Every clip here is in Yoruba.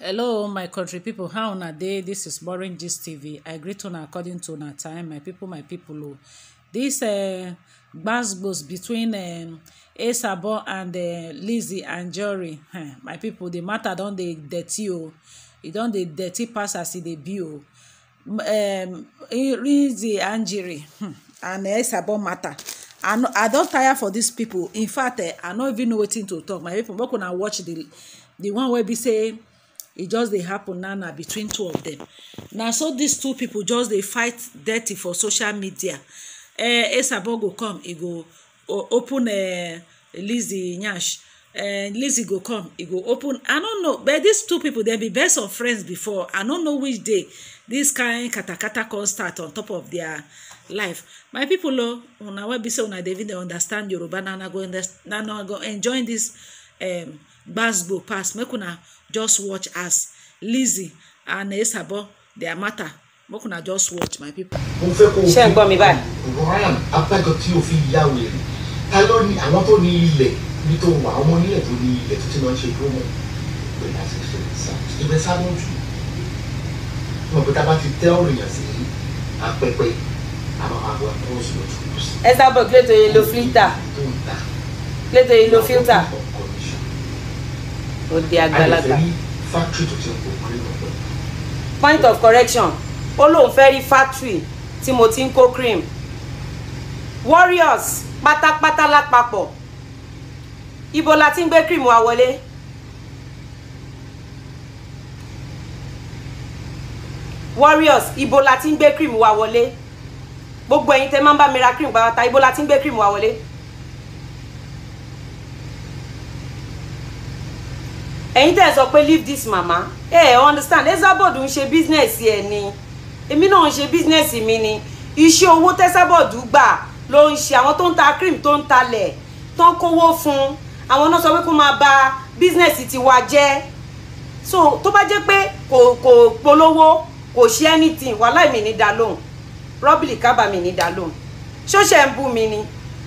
hello my country people. how una dey This is boring gist tv i greet una according to una time my people. my people, o oh. dis eh, gbasgbos between asabo eh, and eh, lizzie and jerry my people, the matter don dey dirty o oh. e don dey dirty pass as e dey be o oh. lizzie and jerry hmm, and asabo matter i don tire for these people. in fact i no even know wetin to talk my pipo make una watch the the one wey be say e just dey happen now na between two of dem na so dis two pipo just dey fight dirty for social media eh esa go come e go open eh, lizzie nyash eh lizzie go come e go open i no know but dis two pipo dem be best of friends before i no know which day dis kain kata kata start on top of their life my pipo oh, una well be say una dey fit dey understand yoruba na na go enjoy dis. gbasgbo pass make una just watch as Lizzie. and Esabo their matter make una just watch my people. mo fẹ́ kó o ṣe ń gbọ́ mi báyìí. ryan apẹ́kọ̀ tí o fi ya wèrè ta ló ní àwọn tó ní ilẹ̀ ní tó wà ọmọ nílẹ̀ tó ní ilẹ̀ tó ti máa ń ṣe ìdúró mọ́ pẹ̀lú àti ìfẹ́ sábọ̀ jù wọn pé tá a bá ti tẹ́ ọ̀rọ̀ yàn sí apẹ́pẹ́ àwọn àwọn àkọ́sùn lọ́tún. ẹ sábọ̀ kílẹ̀ tó yẹ lo filter kílẹ̀ tó yẹ lo filter ó di àgbàlagbà. point of correction ó lóun fẹ́ rí factory tí mo ti ń kó cream warriors pátápátá lápapọ̀ ibo la ti ń gbé cream wa wọlé. warriors ibo la ti ń gbé cream wa wọlé gbogbo ẹ̀yin tẹ́ máa ń bá mi ra cream pátá ibo la ti ń gbé cream wa wọlé. ẹ̀yin tẹ́ ẹ sọ pé leave this mama ẹ hey, ẹ understand Esabod ń ṣe business ẹ ni èmi náà ń ṣe business mi ni iṣẹ́ owó tẹ́sàbọ̀d gbà ló ń ṣe àwọn tó ń ta cream tó ń talẹ̀ tó ń kówó fún àwọn náà sọ pé kó máa ba business tiwa jẹ́ so tó bá jẹ́ pé kò kò polówó kò ṣe anything wàhálà mi ní dá lóhùn rọ́bìlì kábà mi ní dá lóhùn ṣóṣẹ́ ń bú mi ni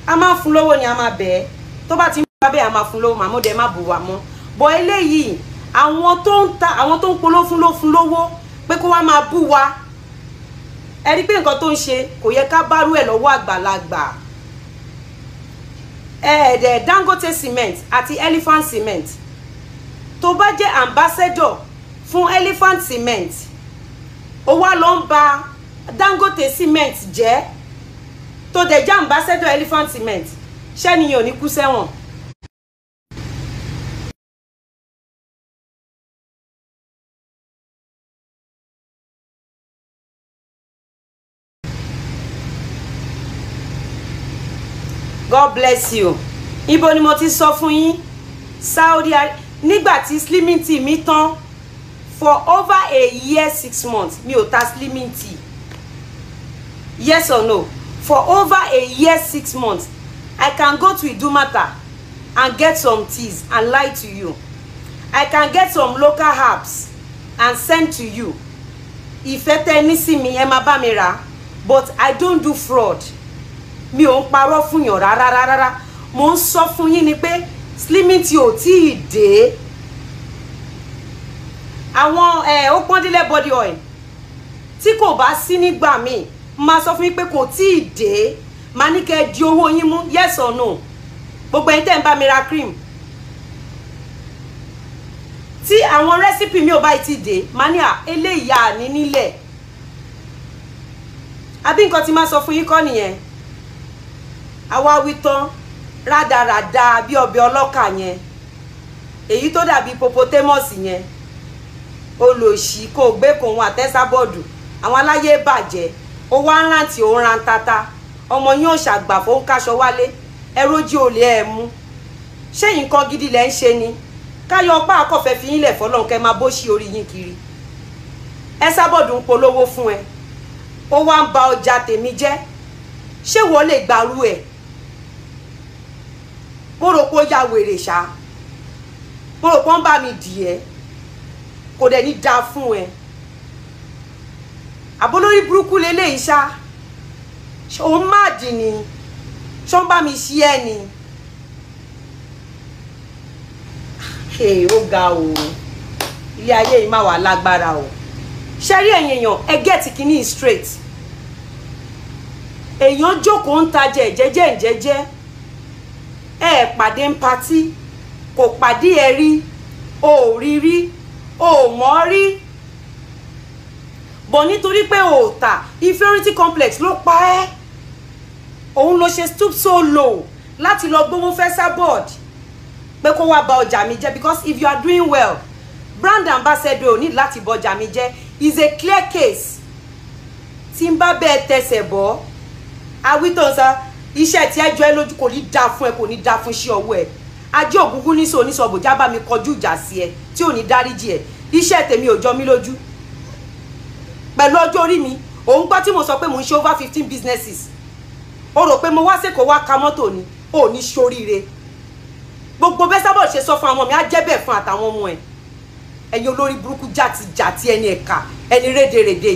a máa fún lówó ni a máa bẹ̀ ẹ́ tó bá ti ń bá bẹ́ẹ̀ a máa fún lówó màmú má bù wá mọ́ bọ̀ eléyìí àwọn tó ń ta àwọn tó ń polówó fún ló fún lówó pé kó wá máa bú wa ẹ rí pé nǹkan tó ń ṣe kò yẹ ká bárú ẹ̀ lọ́wọ́ àgbàlagbà ẹ̀ẹ́dẹ̀ Dangote cement àti Elephant cement tó bá jẹ́ ambassador fún Elephant cement ó wá lọ ń ba Dangote cement jẹ́ tó dẹ̀ jẹ́ ambassador Elephant cement ṣẹ́niyàn ò ní kú sẹ́wọ̀n God bless you ibo ni mo ti sọ fún yín Saudi nígbà tí slimming tea mi tán for over a year six months mi ò ta slimming tea yes or no for over a year six months I can go to Idumata and get some teas and lie to you I can get some local herbs and send to you ìfẹ́ tẹ́ ní sí mi ẹ máa mi rà but I don't do fraud mi ò ń parọ́ fún yàn rárá rárá mo ń sọ fún yín ni pé slimming tea ò tí ì dé àwọn ó pọ́ndílé body oil tí kò bá sí nígbà míì máa sọ fún yín pé kò tí ì dé máa ní kẹ́ ẹ di owó yín mú yes or no gbogbo ẹ̀yin tẹ́ ń bá mi cream tí àwọn rẹ́sípì mi ò bá ti dé máa ní à eléyìí àní nílẹ̀ àbí nǹkan tí máa sọ fún yín kọ́ nìyẹn àwa rada rada rádaràda bí ọbẹ̀ ọlọ́kà yẹn èyí tó dàbí popotémọ́sì yẹn olòṣì kò gbé kò wọn àtẹ́sábọ́ọ̀dù àwọn aláyé bàjẹ́ ó wá ń rántí òun rantata ọmọ yín ò ṣàgbà fún káṣọ wálé ẹrójì olè ẹ mú ṣé nǹkan gidi lẹ ń ṣe ni káyọ ọpá akọfẹ fi yín lẹ fọlọrun kẹ máa bó ṣí orí kiri ẹ sábọọdù ń polówó fún ẹ ó wá ń ba ọjà tèmi jẹ́ ṣé wọ́n lè gbarú ẹ̀ mo rò pé ya wèrè ṣá mo rò pé ń bá mi dì ẹ́ kò dẹ̀ ní da fún ẹ àbólórí burúkú leléyìí ṣá òun má dì ní ṣó ń bá mi ṣí ẹ ni ó ga o ilé ayé yìí má wà lágbára o ṣe rí ẹ̀yin èèyàn ẹ gẹ́ẹ̀tì kìíní straight èèyàn jókòó ń tajà ẹ̀jẹ̀jẹ̀ ẹ̀jẹ̀jẹ̀ ẹ ẹ̀ pàdé ń patí kò pàdé ẹ rí o ò rí rí o ò mọ̀ rí bọ̀ nítorí pé o ò tà inferiority complex ló pa ẹ́ òun ló ṣe stoop so low láti lọ gbówó fẹ́ sábọ̀d pé kó wá bà ọjà mi jẹ́ because if you are doing well brand ambassador ò ní láti bà ọjà mi jẹ́ is a clear case tí n bá bẹ́ẹ̀ tẹsẹ̀ bọ́ awítọ́nsá iṣẹ́ tí ẹ jọ ẹ lójú kò ní dáa fún ẹ kò ní dáa fún iṣẹ́ ọwọ́ ẹ ajé ògúngún ní sọ oníṣọ́bù jábà mi kọjú ìjà sí ẹ tí ò ní dáríjì ẹ iṣẹ́ tèmi ò jọ mí lójú pẹ̀lú ọjọ́ orí mi òun gbọ́ tí mo sọ pé mo ń ṣe over fifteen businesses o rò pé mo wá sèkó wá ka mọ́tò ni ò ní ṣoríire gbogbo bẹ́ẹ̀ sábà ṣe sọ fún àwọn mi á jẹ́ bẹ́ẹ̀ fún àtàwọn ọmọ ẹ̀ ẹ̀yin olórí burúkú jàtijàti ẹni ẹ̀ka ẹni rédèrèdè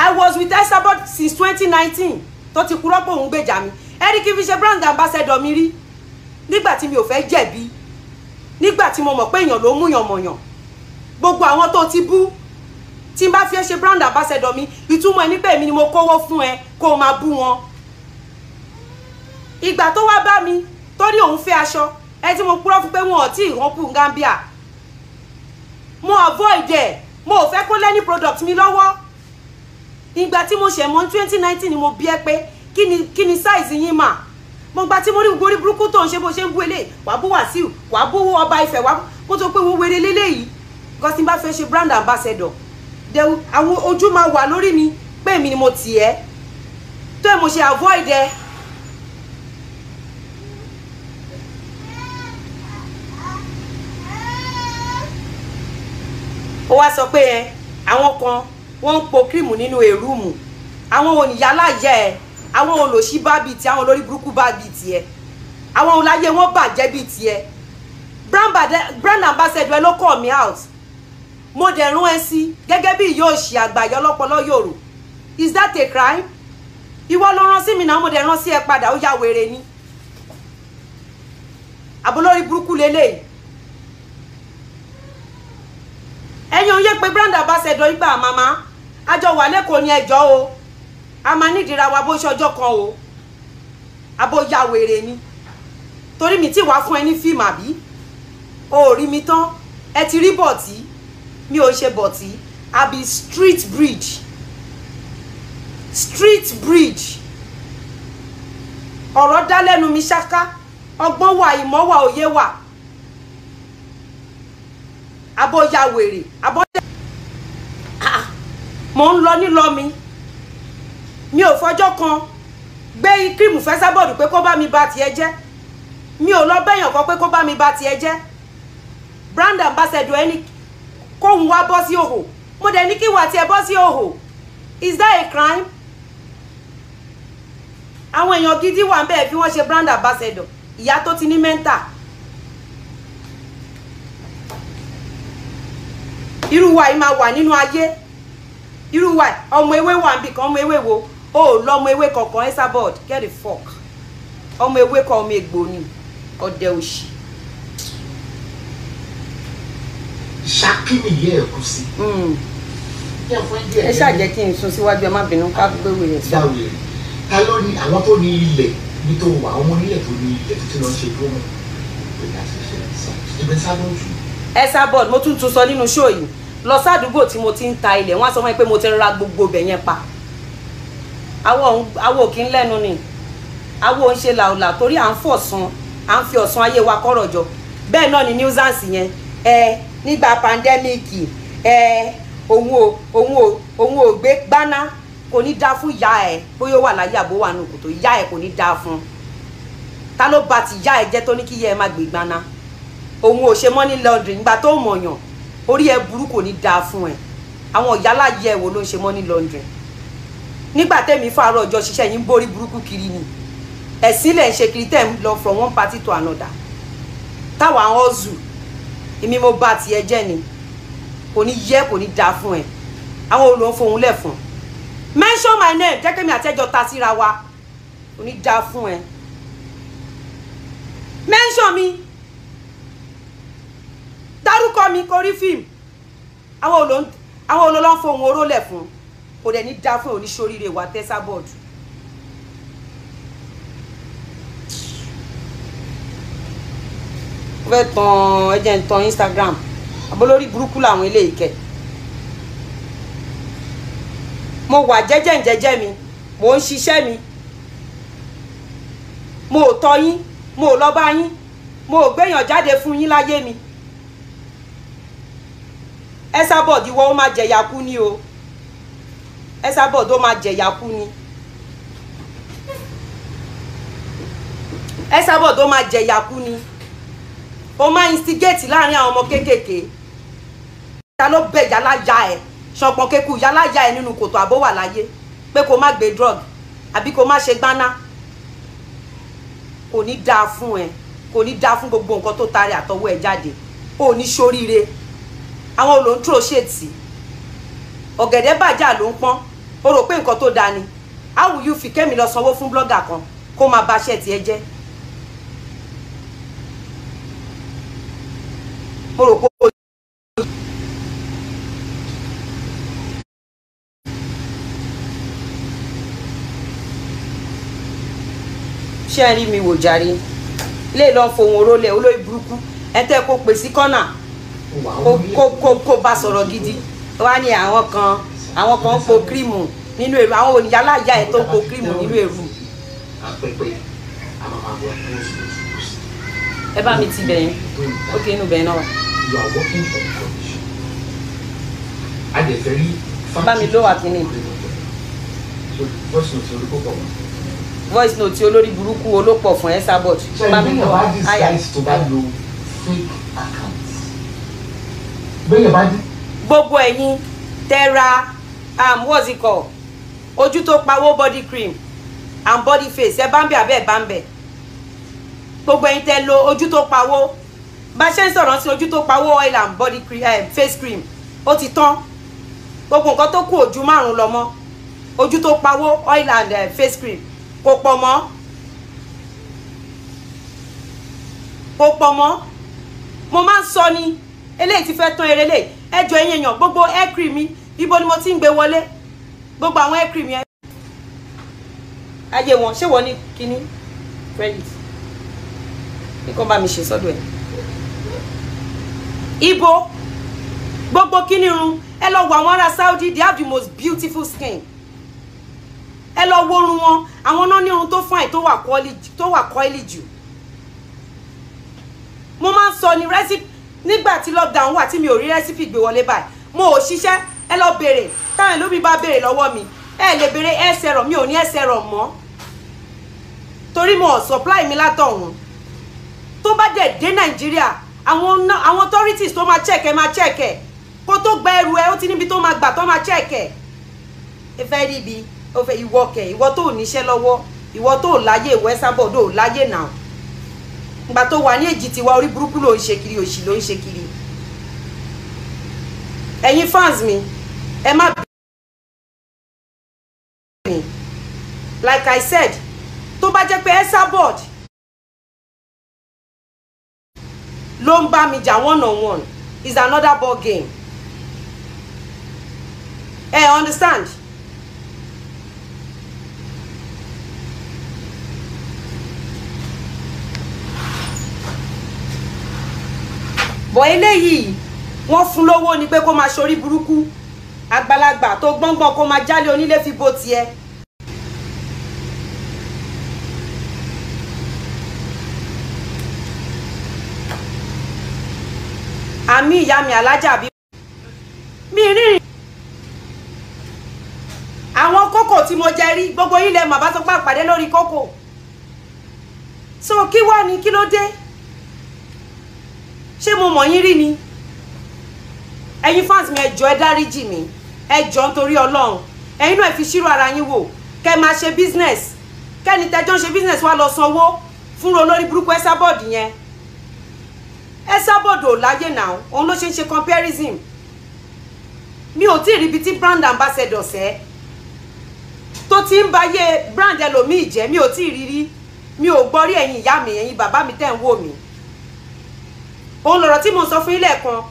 I was with Esabod since 2019 tó ti kúrọ́ pé òun gbèjà mi Eric fi ṣe brand ambassador mi rí nígbà tí mi ò fẹ́ jẹ̀bi nígbà tí mo mọ̀ pé èèyàn ló mú yàn mọ̀yàn gbogbo àwọn tó ti bú tí n bá fi ṣe brand ambassador mi ìtumọ̀ ẹ nípa èmi ni mo kówó fún ẹ kó o máa bú wọn ìgbà tó wá bá mi tó ní òun fẹ́ aṣọ ẹ tí mo kúrọ́ fún pé wọn ò tí ì rọ́pù Gambia mo avoid ẹ mo ò fẹ́ kó lẹ́ni product mi lọ́wọ́ ìgbà tí mo ṣẹ̀ mọ́ twenty nineteen ni mo bí ẹ pé kí ni kí ni size yín mà mo gba tí mo rí gorí burúkú tó ń ṣe bó ṣe ń bú eléyìí wàá bú Wàsíù wàá bú Ọba Ifẹ̀ wàá kó tó pé wọ́n wéré léléyìí gọ́sìn bá fẹ́ ṣe brand ambassador de àwọn ojú máa wà lórí mi pé èmi ni mo tì ẹ́ tó ẹ̀ mo ṣe avoid ẹ. ó wá sọ pé ẹ àwọn kan wọ́n ń po kírìmù nínú èrúùmù àwọn oníyàláyẹ ẹ àwọn olòṣì bá bíi tiẹ àwọn olórí burúkú bá bíi tiẹ àwọn oláyé wọn bàjẹ́ bíi tiẹ brand ambassador ẹ ló call me out mo dẹ̀ rún ẹ sí gẹ́gẹ́ bí yóò ṣe àgbáyé ọlọ́pọlọ yòrò is that a crime ìwọ ló rán sí mi náà mo dẹ̀ rán sí ẹ padà ó yá wèrè ni àbólórí burúkú lélẹ́yìí ẹ̀yin òun yẹ pé brand ambassador ìgbà màmá àjọ wà lẹ́kọ̀ọ́ ni ẹjọ́ o a máa nídìíra wa bó ṣe ọjọ́ kan o abóyá wèrè ni torí mi ti wá fún ẹ ní fíìmù àbí o rí mi tán ẹ ti rí bọ̀tí mi ò ṣe bọ̀tí àbí street bridge, street bridge. ọ̀rọ̀ dá lẹ́nu mi ṣáká ọgbọ́n wà ìmọ̀ wà òye wà abóyá wèrè abọ́ mò ń lọ nílọ mi mi ò fọjọ́ kan gbé kírìmù fẹ́ sábọ̀dù pé kó bá mi ba tiẹ̀ jẹ́ mi ò lọ bẹ́yàn kan pé kó bá mi ba tiẹ̀ jẹ́ brand ambassador ẹni kóhun wá bọ́ sí òhò mo dẹ̀ ní kí wà tiẹ̀ bọ́ sí òhò is that a crime? àwọn èèyàn gidi wà ń bẹ́ẹ̀ fi wọ́n ṣe brand ambassador ìyá tó ti ní mẹ́ńtà irú wa yìí máa wà nínú ayé irú wa ọmọ ewé wà níbì kan ọmọ ewé wo o ò lọ ọmọ ewé kankan ẹ sábọọd get the fuck ọmọ ewé kan ọmọ ègbò ni ọdẹ òṣì. ṣákì nìyẹn ẹ kú sí. Hmm. ẹ ṣàjẹ́ kí n sún síwájú ẹ má bínú ká gbéwò yẹn sọ. ta ló ní àwọn tó ní ilẹ̀ nítorí wà ọmọ onílẹ̀ tó ní ilẹ̀ tó ti lọ ṣe gbọ́mọ̀ ẹ sábọọd mo tún tún sọ nínú ṣó yìí lọ sádùúgbò tí mo ti ń ta ilẹ̀ wọ́n á sọ fún mi pé mo ti ra gbogbo ibẹ̀ yẹn pa awo kì í lẹ́nu ni awo ń ṣe làwùlà torí à ń fọ̀sán à ń fi ọ̀sán ayé wa kọ́rọ̀ jọ bẹ́ẹ̀ náà ni nuisance yẹn ẹ nígbà pandẹ́míìkì ẹ òun ò òun ò òun ò gbé gbaná kò ní dáa fún ìyá ẹ bóyá ó wà láyé àbó wà nù kòtò ìyá ẹ kò ní dáa fún ta ló ba ti ìyá ẹ jẹ́ tó ní kí ìyá ẹ má gbé gbaná òun ò ṣe money laundry nígbà tó mọ̀yàn orí ẹ burú kò ní dáa fún ẹ àwọn ìyálà yẹ wo ló ń ṣe money laundering nígbà tẹ́mi fàárọ̀ ọjọ́ ṣiṣẹ́ yín borí burúkú kiri ni ẹ̀sìn lẹ̀ ń ṣe kiri tẹ́ ń lọ from one party to another táwa ń ọ̀zù èmi mo bá tiẹ̀ jẹ́ ni kò ní yẹ kò ní dáa fún ẹ àwọn olùwọ́n fohùn lẹ̀ mention my name jẹ́ kémi àtẹ́jọ́ ta síra wa kò ní dáa fún ẹ mention mi dárúkọ mi kò rí fíìmù àwọn olólọ́ ń fohùn orólẹ̀ fún kò dẹ̀ ní dá fún oníṣoríire wa tẹ́sà bọ́ọ̀dù. ó fẹ́ tan ẹ̀jẹ̀ ń tan Instagram abolórí burúkú làwọn eléyìí kẹ mo wà jẹ́jẹ́ jẹ́jẹ́ mi mo ń ṣiṣẹ́ mi mo ò tọ́ yín mo ò lọ́ bá yín mo ò gbéyàn jáde fún yín láyé mi. Esabod ìwọ ó máa jẹ̀yà kú ni o Esabod ó máa jẹ̀yà kú ni Esabod ó máa jẹ̀yà kú ni ó máa instigate láàrin àwọn ọmọ kéékèèké ta ló bẹ̀ yálàyà ẹ̀ ṣọpọ̀n kéku yálàyà ẹ̀ nínú kòtò àbówà láyé pé kó má gbé drug àbí kó má ṣe gbáná kò ní dáa fún ẹ kò ní dáa fún gbogbo nǹkan tó tarẹ àtọwọ́ ẹ jáde ò ní ṣoríire àwọn olò ń tró ṣètì ọ̀gẹ̀dẹ̀ bàjá ló ń pọ́n o rò pé nǹkan tó dáa ni how will you fi kẹ́mi lọ sanwó fún blọ́gà kan kó máa ba aṣẹ́ tiẹ̀ jẹ́ mo rò pé o ṣé ẹ rí mi wò jàre ilé ìlànà fòun oró lẹ̀ olóyè burúkú ẹ tẹ́ kó pè kọ́nà kó kó kó bá sọ̀rọ̀ gidi wá ní àwọn kan àwọn kan ń po kírímù nínú èrú àwọn oníyàlá ìyá ẹ̀ tó ń po kírímù nínú èrú. ẹ bá mi ti bẹ̀ yín ó kí inú bẹ̀ náà. bá mi lówà kínní voice note olórí burúkú olópọ̀ fún ẹ sábọ̀d bá mi lọ àyà bẹ́ẹ̀ bá gbogbo ẹ̀yin tẹ́ra um, what's it called ojú tó pawó body cream and body face ẹ bá ń bẹ àbẹ́ ẹ bá ń bẹ gbogbo ẹ̀yin tẹ́ lo ojú tó pawó bá ṣe ń sọ̀rọ̀ sí ojú tó pawó oil and body cream um, face cream ó ti tán gbogbo nǹkan tó kù ojú márùn lọ mọ́ ojú tó pawó oil and uh, face cream kò pọ̀ mọ́ kò pọ̀ mọ́ mo máa ń sọ ni eléyìí ti fẹ́ tán eré lè ẹjọ́ ẹ̀yìn èèyàn gbogbo hair mi ibo ni mo ti ń gbé wọlé gbogbo àwọn hair cream yẹn. ayé wọn ṣé wọ́n ní kínní credit nǹkan bá mi ṣe sọ́dọ̀ ẹ̀. ibo gbogbo kínní irun ẹ lọ wo àwọn ará Saudi they have the most beautiful skin ẹ lọ worun wọn àwọn náà ní irun tó fine tó wà kọ́ọ́lì jù mo máa ń sọ ní rẹ́sípì nígbà tí lockdown wà tí mi ò rí rẹ́sípì gbé wọlé báyìí mo ò ṣiṣẹ́ ẹ lọ béèrè táwọn ẹlòmíì bá béèrè lọ́wọ́ mi ẹ lè béèrè ẹsẹ̀ rọ̀ mi ò ní ẹsẹ̀ rọ̀ mọ́ torí mo supply mi látọ̀hún tó bá dẹ̀ dé nàìjíríà àwọn àwọn authorities tó máa check ẹ máa check ẹ kó tó gba ẹrù ẹ ó ti níbi tó máa gbà tó máa check ẹ ẹ fẹ́ rí ibi ìwọ kẹ ìwọ tó níṣẹ́ lọ́wọ́ ìwọ tó láyé ìwọ ẹ sábọ̀ tó láyé náà ìgbà tó wà ní èjì tiwa orí burúkú ló ń ṣe kiri òṣì ló ń ṣe kiri ẹ̀yin fans mi ẹ má bẹ̀rẹ̀ like I said tó bá jẹ́ pé Esabod ló ń bá mi jà one on one is another ball game ẹ hey, understand bọ̀ eléyìí wọ́n fún lówó ni pé kó máa ṣorí burúkú àgbàlagbà tó gbọ́ngbọ́n kó máa jálé onílé fi bó tiẹ̀. àmì ìyá mi alájà bí. mi rírìn. àwọn kókò tí mo jẹ rí gbogbo ilẹ̀ màbá tó pàpàdé lórí kókò. so kí wá ni kí ló dé ṣé mo mọ̀ yín rí ni ẹ̀yin fans mi ẹ jọ̀ọ́ ẹ dáríjì mi ẹ jọ̀ọ́ nítorí Ọlọ́run ẹ̀yin náà fi ṣírò ara yín wò kẹ́ máa ṣe business kẹ́ni tẹ́jọ́ ṣe business wa lọ sanwó fúnra olórí burúkú ẹ sábọ̀dì yẹn ẹ sábọ̀dì ò láyé náà òun ló ṣe ń ṣe comparison mi ò tí ì ríbi tí brand ambassador ṣẹ́ tó ti ń bayé brand ẹlòmíì jẹ́ mi ò tí ì rírí mi ò gbọ́ rí ẹ̀yin ìyá mi ẹ̀yin bàbá mi tẹ̀ ń wò mí òun lọ̀rọ̀ tí mo sọ fún ilé kan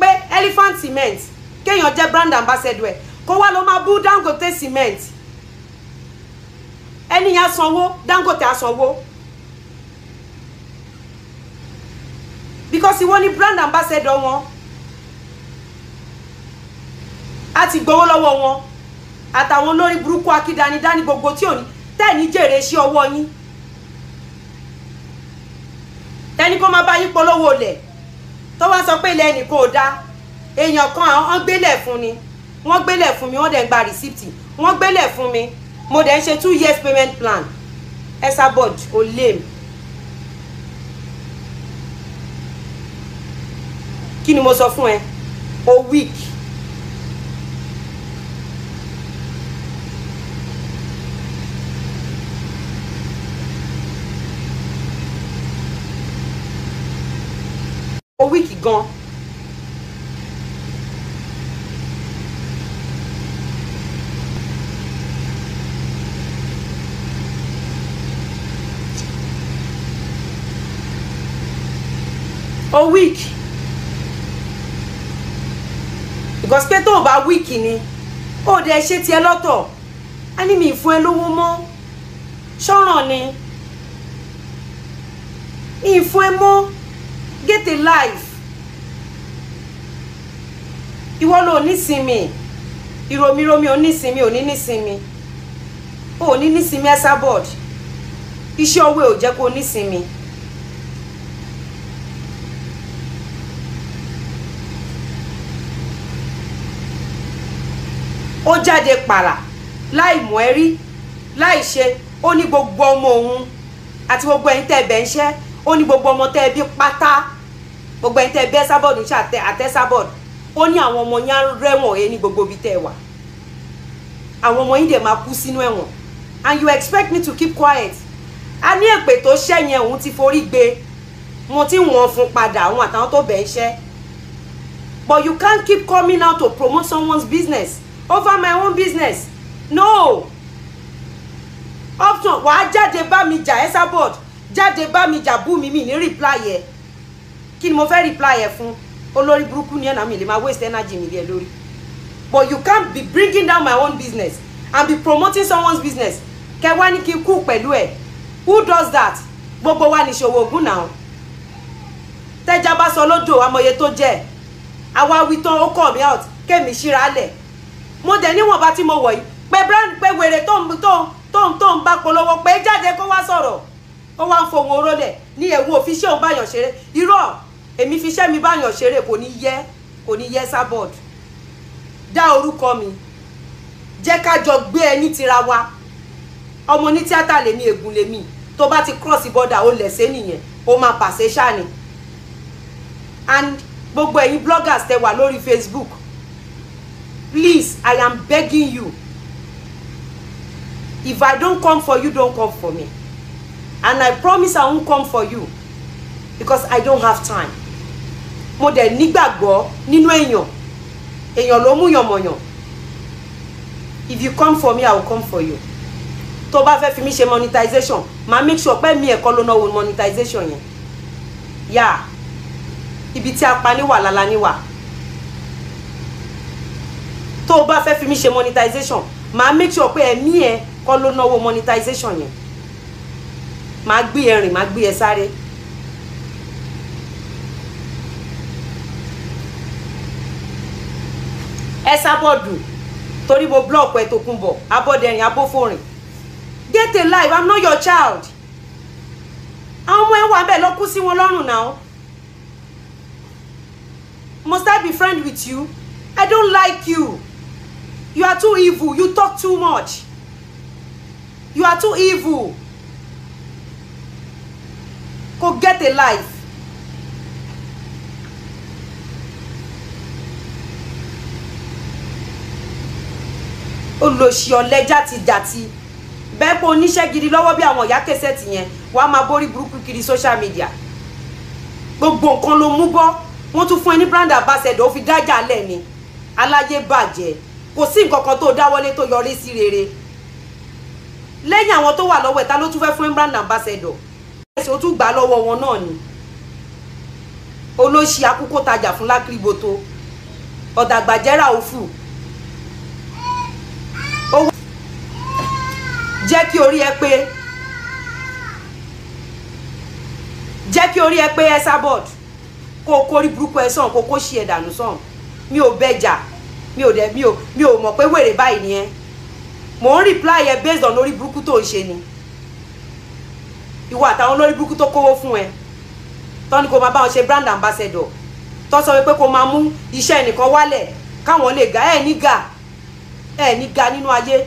pé elephant cement kéèyàn jẹ́ brand ambassador ẹ̀ kó wá ló máa bú Dangote cement ẹni yẹn sanwó Dangote asanwó because ìwọ ni brand ambassador wọn a ti gbowó lọ́wọ́ wọn àtàwọn olórí burúkú akídani dání gbogbo tí ò ní tẹ́ẹ̀ ní jèrè iṣẹ́ ọwọ́ yín ẹni kó máa bá yín polówó lẹ̀ tó wá sọ pé ilẹ̀ ẹnì kò dáa èèyàn kan àwọn gbélẹ̀ fún ni wọ́n gbélẹ̀ fún mi wọ́n dẹ̀ ń gba rìsíptì wọ́n gbélẹ̀ fún mi mo dẹ̀ ń ṣe two years payment plan ẹ̀sà board ò lè mi. kí ni mo sọ fún ẹ o weak o wíìkì gan. o weak because pé tó o bá weak ni ó dẹ ṣe tiẹ̀ lọ́tọ̀ á ní mi fún ẹ lówó mọ́ ṣọ́ràn ni ìfún ẹ mọ́ get a life ìwọ ló nísinmi ìròmíromi onísinmi òní nísinmi òní nísinmi Esabod iṣẹ́ owó ò jẹ́ kó nísinmi. ó jáde pàrà láì mọ̀ ẹ́ rí láì ṣe ó Oni gbogbo ọmọ òun àti gbogbo ẹ̀yin tẹ́ ẹ bẹ̀ ń ṣẹ́ gbogbo ọmọ tẹ́ ẹ bí gbogbo ẹni tẹ bẹ́ sábọ̀dù ń ṣàtẹ àtẹ sábọ̀dù ó ní àwọn ọmọ yẹn á rẹ́wọ̀n he ní gbogbo ibi tẹ́ ẹ wà àwọn ọmọ yín dẹ̀ máa kú sínú ẹ̀wọ̀n and you expect me to keep quiet a ní èpè tó ṣẹ̀yìn òun ti forí gbé mo ti wọ̀n fún padà àwọn àtàwọn tó bẹ̀ ń ṣẹ́ but you can't keep coming out to promote someone's business over my own business no option wàá jáde bá mi jà ẹ́ sábọ̀dù jáde bá mi jà bú mi mi ní reply yẹn kí ni mo fẹ́ reply ẹ̀ fún olórí burúkú ni ẹ̀ náà mi lè máa waste energy mi lé lórí but you can't be bringing down my own business and be promoting someone's business kẹ wá ní kí n kú pẹ̀lú ẹ̀ who does that gbogbo wa níṣòwò ogun náà tẹ́já bá sọ lódò amòye tó jẹ́ àwa wí tán ó kọ̀ mí out kẹ́mi síra lẹ̀ mo dẹ̀ níwọ̀nba tí mo wọ̀ yìí pé brand pé wèrè tó ń tó ń tó ń bá polówó pé jáde kó wá sọ̀rọ̀ ó wá ń fohùn oró lẹ̀ ní ẹ̀wù òfin ṣé òun báyọ̀ ṣeré irọ́ èmi fi iṣẹ́ mi báyàn ṣeré kò ní ye kò ní yẹ sábọ̀d dá orúkọ mi jẹ́ ká jọ gbé ẹ ní tira wa ọmọ ní mi. lèmi ègún lèmi tó bá ti cross border ó lẹ̀sẹ̀ nìyẹn ó máa pàṣẹ ṣáà ni and gbogbo ẹ̀yin bloggers tẹ wa lórí Facebook please i am begging you if i don't come for you don't come for me and i promise i won't come for you because i don't have time mo dẹ̀ nígbàgbọ́ nínú èèyàn èèyàn ló mú yàn mọ̀yàn if you come for me i will come for you tó bá fẹ́ fi mí ṣe monetization máa make sure pé mi ẹ̀kọ́ ló náwó monetization yẹn yà ibi tí a pa níwà lálá níwà tó o bá fẹ́ fi mí ṣe monetization máa make sure pé ẹ̀mí ẹ̀ kọ́ ló náwó monetization yẹn máa gbé ẹ̀rìn máa gbé ẹ sáré. sábọ̀dù torí mo blọọkù ẹ tó kún get a life i'm not your child àwọn ọmọ ẹ wà bẹ́ẹ̀ lọ kú sí wọn lọ́rùn náà must i be friend with you i don't like you you are too evil you talk too much you are too evil go get a life olóṣì ọ̀lẹ játijàti bẹ́ẹ̀ pé oníṣẹ́ gidi lọ́wọ́ bí àwọn ìyá kẹsẹ̀tì yẹn wàá máa borí burúkú kiri social media gbogbo nǹkan ló mú bọ́ wọ́n tún fún ẹ ní brand ambassador ó fi dájà lẹ̀ ni aláyé bàjẹ́ kò sí nǹkan kan tó dáwọ́lé tó yọrí sí rere lẹ́yìn àwọn tó wà lọ́wọ́ ẹ̀ ló tún fẹ́ fún brand ambassador ẹ̀sìn ó tún gbà lọ́wọ́ wọn náà ni olóṣì akókó tajà fún lákìrìbọ̀tò ọ̀dàgbàjẹ́ra òfù jẹ́ kí orí ẹ pé jẹ́ kí orí ẹ pé ẹ sábọ̀d kó o kórí burúkú ẹ sàn kó o kó ṣe ẹ dànù sàn mi ò bẹjà mi ò dẹ mi ò mi ò mọ̀ pé wèrè báyìí ni ẹ mò ń reply ẹ based on lórí burúkú tó ń ṣe ni ìwọ àtàwọn lórí burúkú tó kówó fún ẹ tọ́ ni kò máa bá wọn ṣe brand ambassador tọ́ sọ wípé kò máa mú iṣẹ́ ẹnìkan wálẹ̀ káwọn lè ga ẹ̀ ní ga ẹ̀ ní ga nínú ayé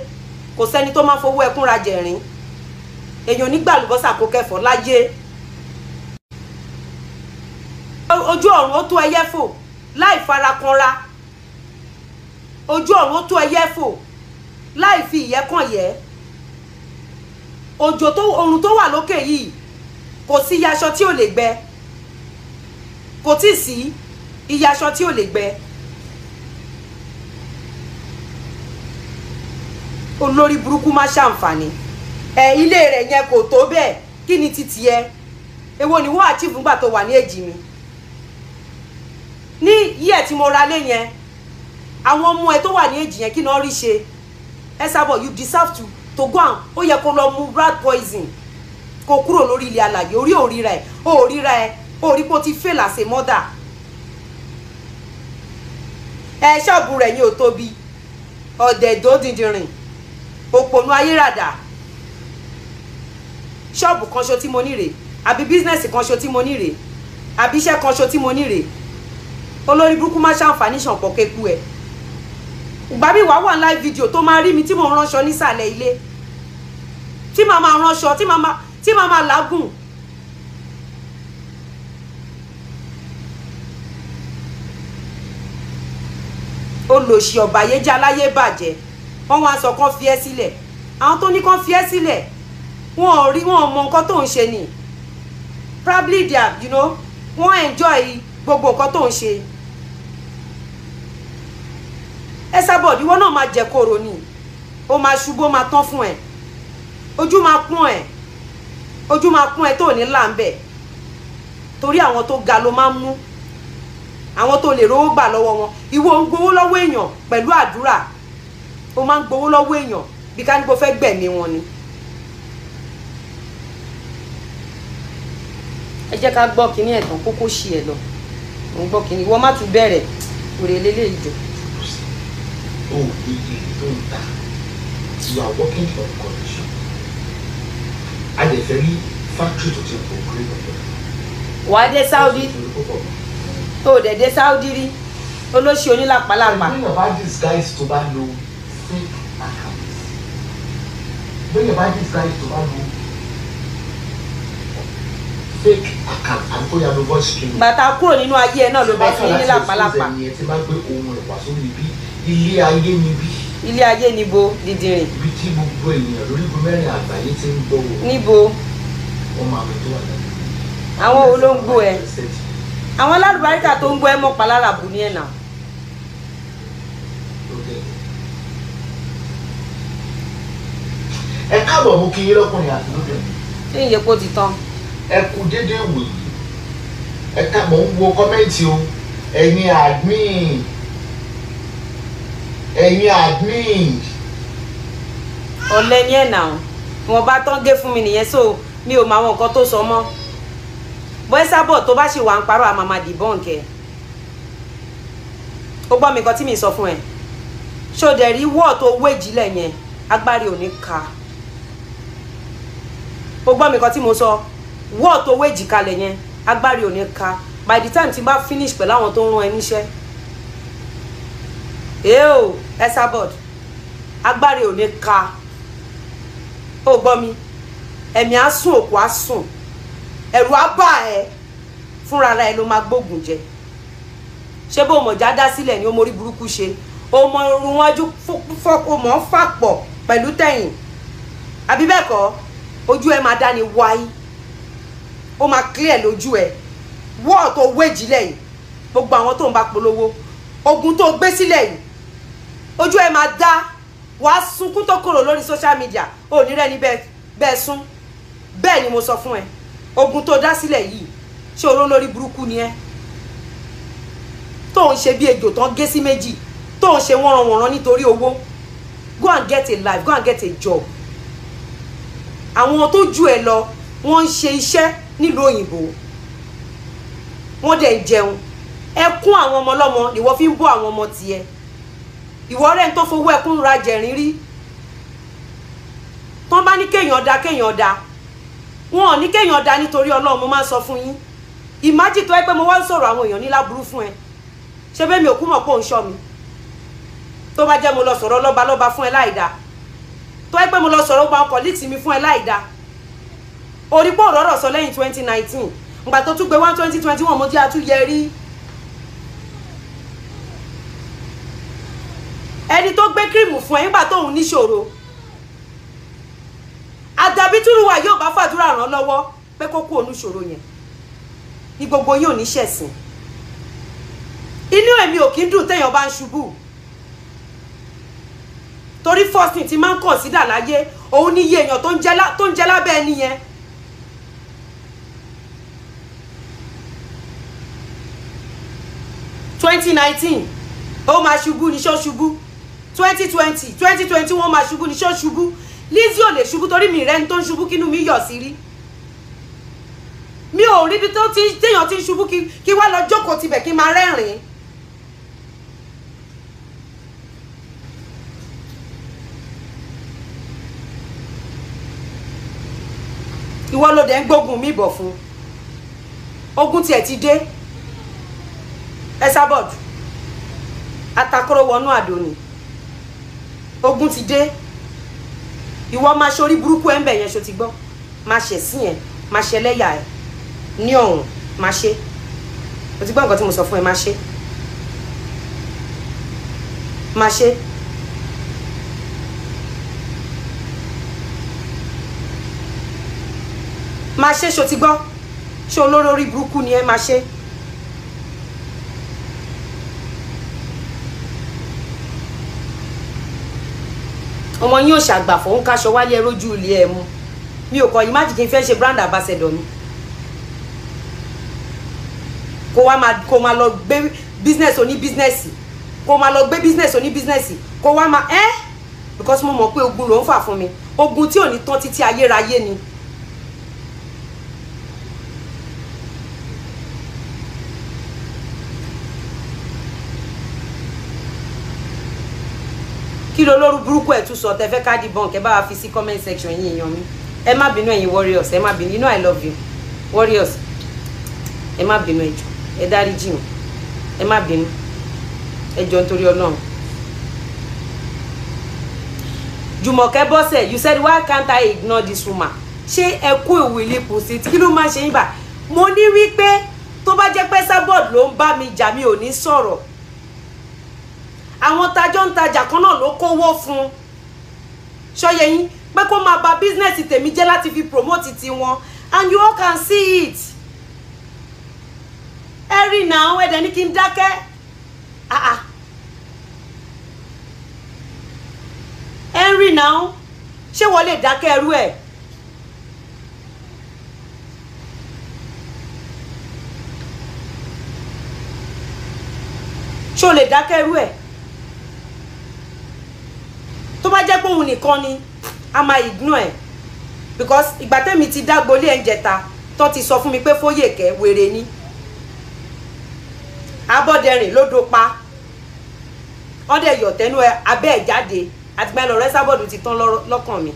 kò sẹ́ni tó máa fowó ẹkún ra jẹ̀rín èèyàn nígbà àlùbọ́sà kó kẹfọ́ láyé ojú ọ̀run ó tó ẹyẹ fò láì farakanra ojú ọ̀run ó tó ẹyẹ fò láì fi ìyẹ́ kàn yẹ́ òjò tó oòrùn tó wà lókè yìí kò sí iye aṣọ tí ò lè gbẹ kò tí sí iye tí ò lè gbẹ. olórí burúkú má ṣàǹfààní ẹ ilé rẹ yẹn kò tó bẹ́ẹ̀ kí ni títí ẹ èwo ni wọ́n àchífù ńgbà tó wà ní èjì mi ní yíyẹ tí mo ra lé yẹn àwọn ọmọ ẹ tó wà ní èjì yẹn kí ni wọ́n rí ṣe ẹ sábọ̀ you deserve to to go and ó yẹ kó lọ mu rat poison kó kúrò lórí ilé alàyè orí òríra ẹ òríra ẹ orí kó ti fail as a mother ẹ ṣọ́ọ̀bù rẹ̀ yín ò tóbi ọ̀dẹ̀dọ́ dìndìnrìn òpònú ayérada ṣọ́ọ̀bù kan ṣo tí mo ní rè àbí bísínẹ́sì kan ṣo tí mo ní rè àbí iṣẹ́ kan ṣo tí mo ní olórí burúkú má ṣàǹfààní ṣànpọ̀ kéku ẹ̀ ìgbà mi wàá wà ní live video tó máa rí mi tí mò ń ránṣọ nísàlẹ̀ ilé tí màá máa ránṣọ tí màá máa tí màá máa làágùn olòṣì ọ̀bàyéjẹ́ aláyé bàjẹ́ wọ́n wá sọ kán fi ẹ́ sílẹ̀ àwọn tó ní kán fi ẹ́ sílẹ̀ wọn rí wọn mọ nǹkan tó ń ṣe ni probably their you know wọ́n enjoy gbogbo nǹkan tó ń ṣe ẹ sábọ̀ ìwọ náà máa jẹ kóró ni ó máa ṣubú ó máa tán fún ẹ ojú máa pọ́n ẹ ojú máa pọ́n ẹ tó ní láǹbẹ̀ torí àwọn tó ga ló máa ń mú àwọn tó lè rówó gbà lọ́wọ́ wọn ìwọ ń gbowó lọ́wọ́ èèyàn pẹ̀lú àdúrà o máa ń gbowó lọ́wọ́ èèyàn bí ká ní kó fẹ́ gbẹ̀mí wọn ni. ẹ jẹ́ ká gbọ́ kínní ẹ̀tàn kókó ṣì ẹ̀ lọ mo gbọ́ kínní wọ́n má tún bẹ̀rẹ̀ òrè lélẹ̀ ìjọ. o ò ní iye tó ń ta you are working for corruption a lè fẹ́ rí factory tó ti ń bọ̀ kúrò lọ́wọ́. wà dé Saudi tó o dẹ̀ dé Saudi rí olóṣì onílàpálàpà. ẹni náà bá disguise tó bá lo lóye bá decide to bá lu fake account àkóyá ló voice stream. bàtà kúrò nínú ayé ẹ náà ló bẹ sí ní làpálàpá. tí bá gbé ohun ẹ̀ wá sórí bí ilé ayé ni bí. ilé ayé ni bo dídìrín. ibi tí gbogbo ènìyàn lórí ibi mẹ́rin àgbáyé ti ń gbọ́ wo. níbo. wọ́n máa mi tó wà lẹ́nu. àwọn olóńgbò ẹ àwọn alárùbáríkà tó ń gbọ́ ẹ mọ́ palára bù ní ẹ̀ náà. ẹ káàbọ̀ mú kí yín lọ́kùnrin àti lóbìnrin. ṣé ìyẹn kó ti tán. ẹ kú déédéé wò yìí ẹ káàbọ̀ ń wo kọ́mẹ́ǹtì o ẹ̀yin admin ẹ̀yin admin. ọ̀lẹ́ ni ẹ̀ nà ọ́ wọn bá tán gé fún mi nìyẹn so mi ò mọ àwọn nǹkan tó sọ mọ́ bọ́ẹ́sàbọ̀ tó bá ṣì wà ń parọ́ àmàmà dìbọ́ǹkẹ́ ó gbọ́ mi nǹkan tí mi sọ fún ẹ ṣó dẹ̀ rí wọ́ọ̀ tó wéjìlẹ̀ yẹn agbárí ò ní ka o gbọ́ mi kan tí mo sọ wọ́ọ̀ tó wéjì kalẹ̀ yẹn agbárí ò ní ka by the time tí n bá finish pẹ̀lú àwọn tó ń rán ẹ níṣẹ́ eo esabod agbárí ò ní ka o gbọ́ mi ẹ̀mí á sùn òkú á sùn ẹ̀rù á bà ẹ́ fúnra ara ẹ ló máa gbógun jẹ ṣé bó mọ̀ já dá sílẹ̀ ni ó morí burúkú ṣe ó mọ orun wájú fọ́pọ̀ pẹ̀lú tẹ̀yìn àbí bẹ́ẹ̀ kọ́ ojú ẹ máa dá ni wáyé ó máa clear lójú ẹ wọ́ọ̀ tó wéjì lẹ́yìn gbogbo àwọn tó ń bá polówó ogun tó gbé sílẹ̀ yìí ojú ẹ máa dá wàá sunkún tó kúrò lórí social media ò ní rẹ́ni bẹ́ẹ̀ sún bẹ́ẹ̀ ni mo sọ fún ẹ ogun tó dá sílẹ̀ yìí ṣé oró lórí burúkú ni ẹ tó ń ṣe bí ejò tán gé sí méjì tó ń ṣe wọ́nranwọ̀nran nítorí owó go and get a life go and get a job àwọn tó jù ẹ lọ wọ́n ń ṣe iṣẹ́ nílùú òyìnbó wọ́n dẹ̀ ń jẹun ẹkún àwọn ọmọ ọlọ́mọ ìwọ fi ń bọ́ àwọn ọmọ tiẹ̀ ìwọ rẹ̀ ń tó fowó ẹkún ra jẹ̀rín rí tán bá ní kéèyàn da kéèyàn da wọn ò ní kéèyàn da nítorí ọlọ́run mo máa ń sọ fún yín ìmájì tó ẹ pé mo wá ń sọ̀rọ̀ àwọn èèyàn ní láburú fún ẹ ṣé bẹ́ẹ̀ mi ò kú mọ̀ pé òun ṣọ́ mi tó bá jẹ́ mo lọ sọ̀rọ̀ lọ́balọ́ba fún ẹ láì tó ẹ pé mo lọ sọ̀rọ̀ gba ọkọ̀ líìtì mi fún ẹ láì dáa orí pò rọ́rọ̀ sọ lẹ́yìn twenty nineteen ìgbà tó tún gbé one twenty twenty one mo jẹ́ àtúnyẹ rí ẹni tó gbé kírìmù fún ẹ nígbà tóun níṣòro àdàbítúrúwà yóò bá fàdúrà ràn lọ́wọ́ pé kó kú onúṣòro yẹn ní gbogbo yóò ní inú èmi ò kí ń dùn téèyàn bá ń ṣubú torí first ti máa ń consider láyé òun ní iye èèyàn tó ń jẹ lábẹ́ ẹni yẹn twenty nineteen ó máa ṣubú ní ṣó ṣubú twenty twenty twenty twenty one máa ṣubú ní ṣó ṣubú Lizzy ò lè ṣubú torí mi rẹ́ni tó ń ṣubú kínú mi yọ̀ sí rí mi ò rí bí tó ti téèyàn ti ń ṣubú kí wá lọ jókòó tibẹ̀ kí n máa rẹ́rìn-ín ìwọ ló dẹ̀ ń gbógun mi bọ̀ fún ogun tiẹ̀ ti dé ẹsàbọ̀dù atakoro wọnú àdóni ogun ti dé ìwọ máa ṣorí burúkú ẹ̀ ń bẹ̀ yẹn ṣo ti gbọ́ máa ṣẹ̀ sí yẹn máa ṣe lẹ́yà ẹ̀ ní ọ̀hún máa ṣe o ti gbọ́ nǹkan tí mo sọ fún ẹ máa ṣe máa ṣe. máa ṣe ṣo ti gbọ́ ṣe olóró orí burúkú ni ẹ máa ṣe. ọmọ yín ò ṣàgbàfọ̀ ń kaṣọ wálé ẹ rójú ilé ẹ mu mi ò kọ yìí má jì kí n fẹ́ brand ambassador mi kó wá máa kó máa lọ gbé business oni business kó máa lọ gbé business oni business kó wá máa eh? because mo mọ̀ pé ogun ló ń fà fún mi ogun tí ò ní tán títí ayérayé ni kí ló lóru burúkú ẹ̀ tún sọ tẹ fẹ́ ká di bọ́ǹk ẹ bá wa fi sí comment section yín èèyàn mi ẹ má bínú ẹ̀yin warriors ẹ má bínú you know i love you warriors ẹ má bínú ẹ jọ ẹ dárí jì mí ẹ má bínú ẹ jọ nítorí ọlọ́run. Jùmọ̀kẹ́ bọ́sẹ̀ you said why can't i ignore this woman ṣé ẹ kú ìwìlì kù sí kí ló máa ṣe yín bà mo ní wípé tó bá jẹ́ pé Esabod ló ń bá mi jà mi ò ní sọ̀rọ̀ àwọn tajọ́ ń tajà kan náà ló kówó fún un ṣọyẹ yín pé kó máa bà bísínẹ́sì tèmi jẹ́ láti fi promote tiwọn and you all can see it ẹ rí náà ẹ̀dẹ̀ ní kí n dákẹ́ ah, ah. ẹ rí náà ṣé wọ́n lè dákẹ́ ẹrú ẹ̀. ṣó lè dákẹ́ ẹrú ẹ̀ tó bá jẹ́ pé òun nìkan ni a máa ignore ẹ̀ because ìgbà tẹ́mi ti dágbolé ẹ̀ǹjẹta tó ti sọ fún mi pé Fóyèkẹ́ wèrè ni Abọ́dẹrìn ló dopa ọdẹ yọ̀tẹ́nu ẹ abẹ́ ẹ̀ jáde àti pẹ́ lọ́rẹ́ sábọ̀dù ti tán lọ́kàn mi.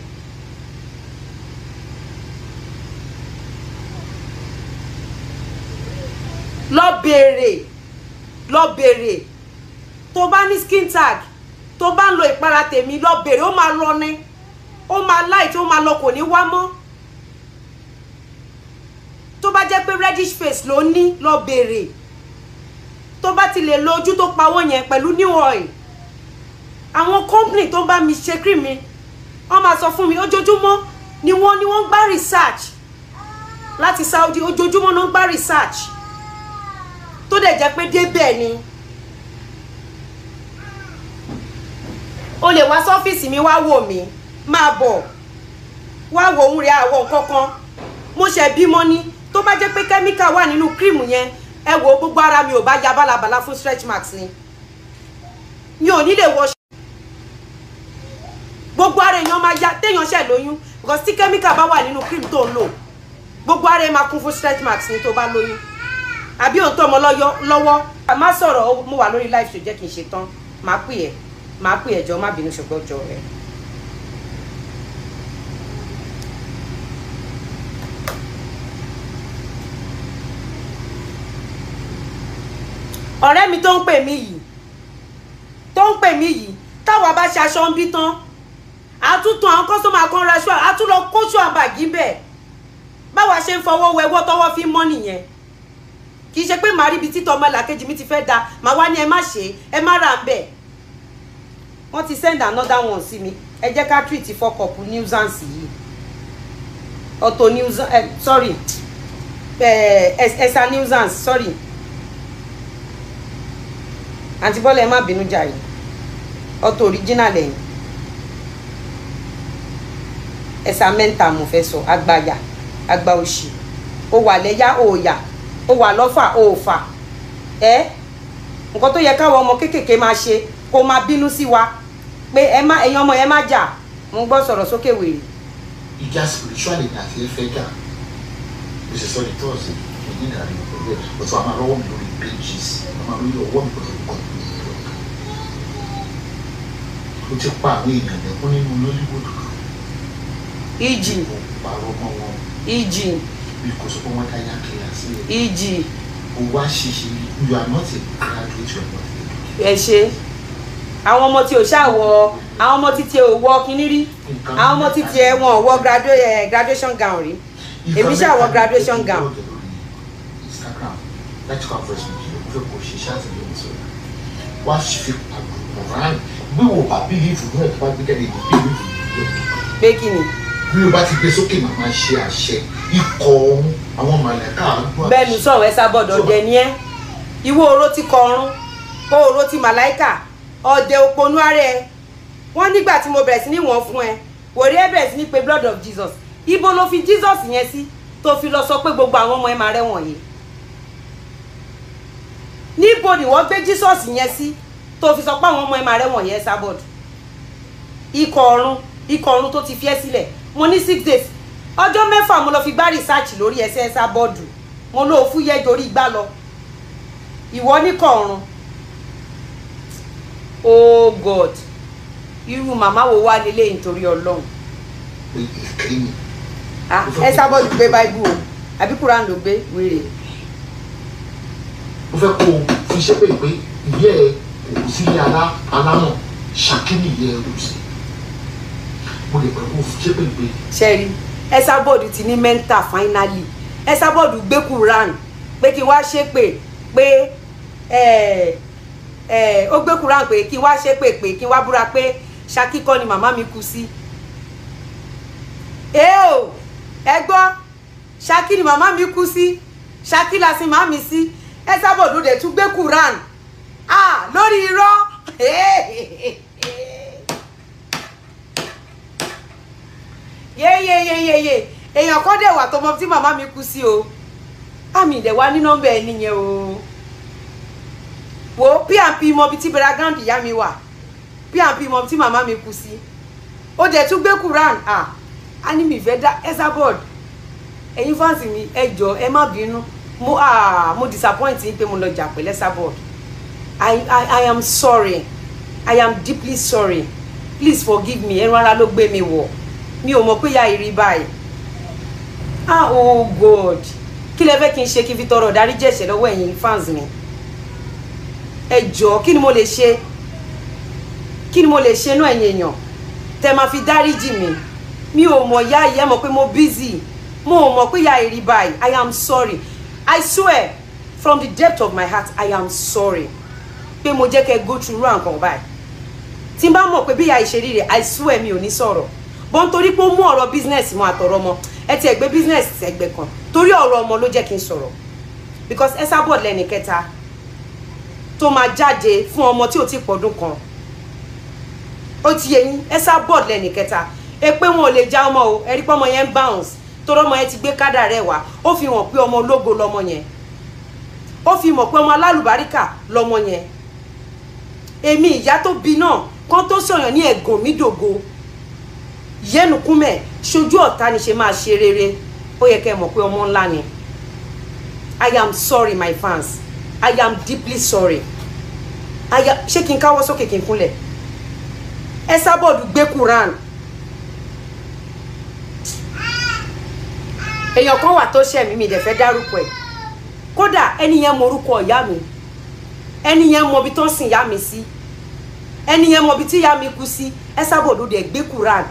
lọ béèrè lọ béèrè tó bá ní skin tag tó bá ń lo ìpara tèmi lọ bèrè ó máa lọ ni ó máa light ó máa lọ kò ní wá mọ́ tó bá jẹ́ pé reddish face ló ní lọ bèrè tó bá ti lè lo ojú tó pawó yẹn pẹ̀lú new oil àwọn company tó bá mi ṣe cream mi wọ́n máa sọ fún mi ojoojúmọ́ ni wọ́n ni wọ́n ń gbá research láti Saudi ojoojúmọ́ náà ń gbá research tó dẹ̀ jẹ́ pé débẹ̀ ni. o lè wá sọ́fíìsì mi wá wò mí máa bọ̀ wá wo òun rẹ̀ àwọ̀ kankan mo ṣe bímọ ní tó bá jẹ́ pé kẹ́míkà wà nínú kírìmù yẹn ẹ wo gbogbo ara mi ò bá ya bálabàla fún stretch marks ni mi ò ní lè wọṣọ gbogbo ara èèyàn máa ya téèyàn ṣẹ̀ lóyún because tí kẹ́míkà bá wà nínú cream tó ń lò gbogbo ara ẹ̀ máa kún fún stretch marks ní tó bá lóyún àbí òun tó ọmọ lọ́wọ́ má mo wà lórí live show jẹ́ kí n ṣe tán màá pè ẹ́ máa pè ẹjọ́ má bínú ṣùgbọ́n jọ rẹ̀. ọ̀rẹ́ mi tó ń pè mí yìí tó ń pè mí yìí táwa bá ṣe aṣọ ń bí tán àtúntò àwọn kọ́sọ́mà kan ra ṣọ́ àtúntò kóṣù àbàgì bẹ́ẹ̀ báwa ṣe ń fọwọ́ wẹwọ́ tọwọ́ fi mọ́ nìyẹn kì í ṣe pé màá rí ibi títọ́ ọmọ làkejì mi ti fẹ́ da màá wá ní ẹ má ṣe é ẹ má ra ń bẹ́ẹ̀ wọ́n ti send another one sí mi ẹ jẹ́ ká treat fọkọ̀pù nuisance yìí auto nuisance eh, sorry eh, extra nuisance sorry àǹtí bọ́lá ẹ má bínú jàre auto original ẹ̀yìn ẹ̀sà mẹ́ta mo fẹ́ sọ agbáyà agba òṣì ó wà lẹ́yà òòyà ó wà lọ́fà òòfà ẹ́ eh? nǹkan tó yẹ káwọn ọmọ kéékèèké máa ṣe kó máa bínú sí wa pé ẹ má ẹ̀yin ọmọ yẹn má jà mo gbọ́ sọ̀rọ̀ sókè wèrè. ìjà spiritual ni àti ẹfẹ jà mo ṣe sọ ní tọ́ọ̀sì èyí ni àrùn ìpínlẹ̀ ọ̀tún àmà lọ́wọ́ mi lórí pages àmà lórí ọwọ́ mi lórí kọ̀ọ̀tù ó ti pa àwọn èèyàn lẹ́kún nínú Nollywood. ìjì e pàrọ̀ mọ́ e kò sọ pé wọ́n dá yá kiri àti ẹ̀. ìjì. o wá ṣiṣẹ́ you are not a graduate you are not ẹ ṣe àwọn ọmọ tí ò ṣàwọ àwọn ọmọ títí ò wọ kinní rí àwọn ọmọ títí ẹ wọn ò wọ graduation gown rí èmi ṣàwọ graduation gown. wá fi pàmòràn bí wò bá bílíìfù náà tó bá gbé jáde ní bílíìfù yìí lọ. pé kí ni. bí o bá ti gbé sókè màmá ṣe àṣẹ ikọ̀ ọ̀hún àwọn màlẹ́ká àgbọ̀. bẹ́ẹ̀ ni sọ̀rọ̀ ẹ sábọ̀dọ̀ dẹ ni ẹ́ ìwọ oró ti kọrun kó oró ti màláìkà ọ̀dẹ̀ òponú ara ẹ wọ́n nígbà tí mo bẹ̀rẹ̀ sí ní wọ́n fún ẹ wòrí ẹ bẹ̀rẹ̀ sí ní pé blood of Jesus ibo ló fi Jesus yẹn sí tó fi lọ sọ pé gbogbo àwọn ọmọ ẹ máa rẹ́wọ̀n yìí níbo ni wọ́n gbé Jesus yẹn sí tó fi sọ pé àwọn ọmọ ẹ máa rẹ́wọ̀n yẹn sábọ̀dù ikọ̀ ọ̀run ikọ̀ ọ̀run tó ti fi ẹ́ sílẹ̀ mo ní six days ọjọ́ mẹ́fà mo lọ fi gbá research lórí ẹsẹ̀ ẹ̀sà bọ́ọ̀dù mo lóò fúyẹ́ dorí gbá lọ ìwọ níkọ̀ ọ̀run oh god irú màmá wo wá nílé nítorí ọlọ́run. Ah, ẹ sábọ́ ló gbé báíbù o àbí kuran ló gbé wèrè. mo fẹ́ kó o fi iṣẹ́ pè pé ìyẹ́ ẹ kò sí ilé alámọ̀ ṣàkíní ìyẹ́ ẹ kò sí mo lè pẹ̀lú iṣẹ́ pè pé. sẹ́ẹ̀rì ẹ sábọ́ọ̀dù ti ní mẹ́ńtà fáínálì ẹ sábọ́ọ̀dù gbé kuran pé kí wá ṣépè pé ẹ̀ẹ́. o eh, gbe Quran pe kí n wá ṣépè pé ki n wá búra pé Ṣakí kọ́ ni màmá mi kú e o ẹ gbọ́ Ṣakí ni màmá mi kú Shaki Ṣakí la sin màmí sí ẹ sábà òdòdó tún gbé Quran ah lórí irọ́ yeyeyeyeye èèyàn kan dẹ̀ wà tọmọ tí màmá mi kú o àmì ìdẹ̀wà ní nọ́mbà ẹ nìyẹn o. wo pnp mọ ibi tí background ya mi wa, pnp mọ ibi tí màmá mi kú sí ó dẹ̀ tún gbé quran à á mi veda. dá Esabod ẹ̀yin fáǹsì mi ejo, jọ ẹ má mo ah mo disappoint yín pé mo lọ jà pẹ̀lú Esabod I, I I am sorry I am deeply sorry please forgive me ẹran ara ló gbé mi wọ̀ mi ò mọ̀ pé ya ìrì báyìí ah oh God kí lẹ fẹ́ kí n ṣe kí n fi tọrọ ìdáríjì ẹ̀ṣẹ̀ lọ́wọ́ ẹ̀yin fáǹsì mi ẹ jọ̀ọ́ kí ni mo lè ṣe kí ni mo lè ṣe náà ẹ̀yin èèyàn tẹ́ máa fi dáríjì mi mi ò mọ̀ ya ìyá mọ̀ pé mo busy mo ò mọ̀ pé ya èrì báyìí i am sorry i swear from the depth of my heart i am sorry pé mo jẹ́ kẹ́ go through ra nǹkan báyìí tí n bá mọ̀ pé bí ìyá ìṣeré rẹ̀ i swear mi ò ní sọ̀rọ̀ bọ́ nítorí pé ó mú ọ̀rọ̀ business mọ́ àtọ̀rọ̀ mọ́ ẹ ti ẹ̀gbẹ́ business ẹ̀gbẹ́ kan torí ọ̀rọ̀ ọmọ ló jẹ́ kí n sọ̀rọ̀ because ẹ sábọ̀ lẹ́nì tó máa jáde fún ọmọ tí ò ti pọ̀dún kan ó ti yẹ ẹ sá bọ́ọ̀dù lẹ́nì kẹta ẹ pé wọn ò lè já ọmọ o ẹ rí pé ọmọ yẹn ń bounce torí ọmọ yẹn ti gbé kádà rẹ wá ó fi hàn pé ọmọ ológo lọmọ yẹn ó fi mọ̀ pé ọmọ alálùbáríkà lọmọ yẹn èmi ìyá tó bí náà kan tó sọ̀yàn ní ẹ̀gàn mi dògo yẹnukúmẹ̀ ṣojú ọ̀tá ni ṣe máa ṣe rere ó yẹ kẹ́ ẹ mọ̀ pé ọmọ ńlá ni I am sorry my fans I am deeply sorry I am ṣé kí n káwọ́ sókè kí n kúnlẹ̀ ẹ sábọ̀dù gbé Quran èèyàn kan wà tó ṣẹ̀ mí mi dẹ̀ fẹ́ dárúkọ ẹ̀ kódà ẹni yẹn mọ orúkọ mi ẹni yẹn mọ ibi tó sin ìyá mi sí ẹni yẹn mọ ibi tí ìyá mi kú sí ẹ sábọ̀dù dẹ̀ gbé Quran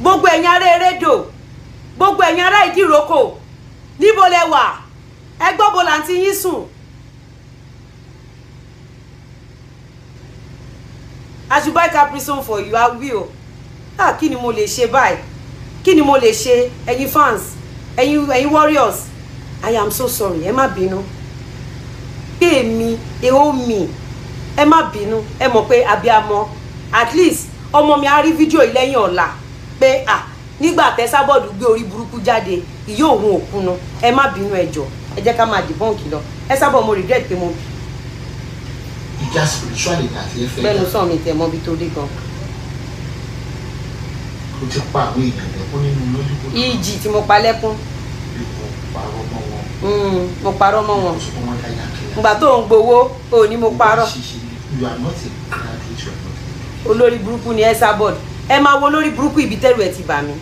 gbogbo ẹ̀yin ará erédò gbogbo ẹ̀yin ará ìdíròkò níbo lẹ wà ẹ gbọ́ bo làǹtí yín sùn I should buy caprison for you I will ah kí ni mo lè ṣe báyìí kí ni mo lè ṣe ẹ̀yin fans ẹ̀yin ẹ̀yin warriors I am so sorry ẹ má bínú pé èmi èho mi ẹ má bínú ẹ mọ̀ pé abiyamọ at least ọmọ mi á rí fídíò yìí lẹ́yìn ọ̀la pé ah nígbà tẹ́sábọ́ọ̀dù gbé orí burúkú jáde ìyá òun òkun nu ẹ má bínú ẹ jọ̀ọ́ ẹ jẹ́ ká máa dìbọ́ǹkì lọ ẹ sábọ̀ mo regret pé mo bì. ìjà spiritual ni àti ẹfẹ. bẹ́ẹ̀ ló sàn mi tẹ̀ mọ́bi tó dé gan. o ti pa àwọn èèyàn lẹ́kún nínú lójúkú. ìjì e tí mo pa lẹ́kún. mo parọ́ mọ́ wọn. Hmm, ìgbà tó ń gbowó o ní mo parọ́. olórí burúkú ni ẹ sábọ̀ ẹ máa wo olórí burúkú ibi tẹ́lu ẹ̀ ti bà mí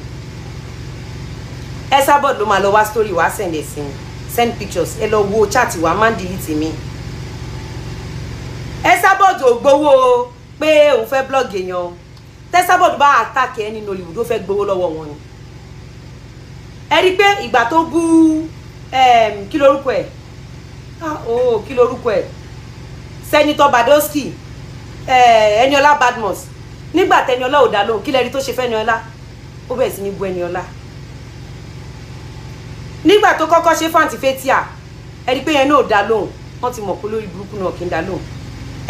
ẹ sábọ̀ ló máa lọ wá sítórì wá sẹ̀ǹdẹ̀ sí mi send pictures ẹ lọ wo chat wa máa ń delete mi Esabod ò gbowó pé òun fẹ́ blog èèyàn tẹ́sàbọ̀d bá attack ẹ nínú Nollywood ó fẹ́ gbowó lọ́wọ́ wọn ni ẹ rí i pé ìgbà tó bú ehm, kí lorúkọ ẹ̀ ah, oh, kí lorúkọ ẹ̀ sẹ́nitọ́ Badoski Ẹniọlá eh, Badmus nígbà tẹniọlá ò dá lóhùn kí lẹ́rìí tó ṣe fẹ́ Ẹniọlá ó bẹ̀rẹ̀ sí ní bú Ẹniọlá nígbà tó kọ́kọ́ ṣe fáǹtì fétíà ẹni pé yẹn náà dá lóhùn wọ́n ti mọ̀ pé lórí burúkú náà kì í dá lóhùn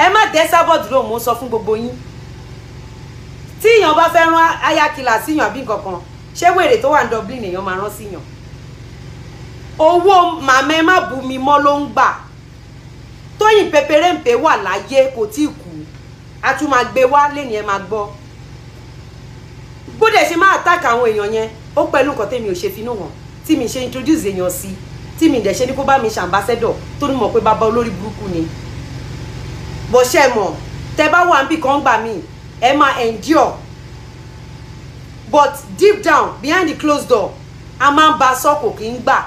ẹ má dẹ́ sábọ̀dù lóhùn mo ń sọ fún gbogbo yín tí èèyàn bá fẹ́ rán ayakìlà síyàn àbí nǹkan kan ṣé wèrè tó wà ní Dublin èèyàn máa rán síyàn owó màmá ẹ má bu mi mọ́ ló ń gbà Tóyìn Pẹpẹrẹmpẹ wà láyé kò tí ì kú a tún máa gbé wá lẹ́ni ẹ máa gbọ́ bó dẹ̀ ṣe máa attack àwọn èèyàn yẹn ó pẹ̀lú nǹkan tẹ́mi ò ṣe finú wọn tí mi ṣe introduce èèyàn sí tí mi dẹ̀ ṣe ní kó bá mi ṣàǹbáṣẹ́dọ̀ tó ní mọ̀ pé bàbá olórí burúkú ni bó ṣe mọ̀ tẹ bá wà níbì kan gbà mí ẹ máa endure but deep down behind the closed door a máa ń ba sọ́kò kì í gbà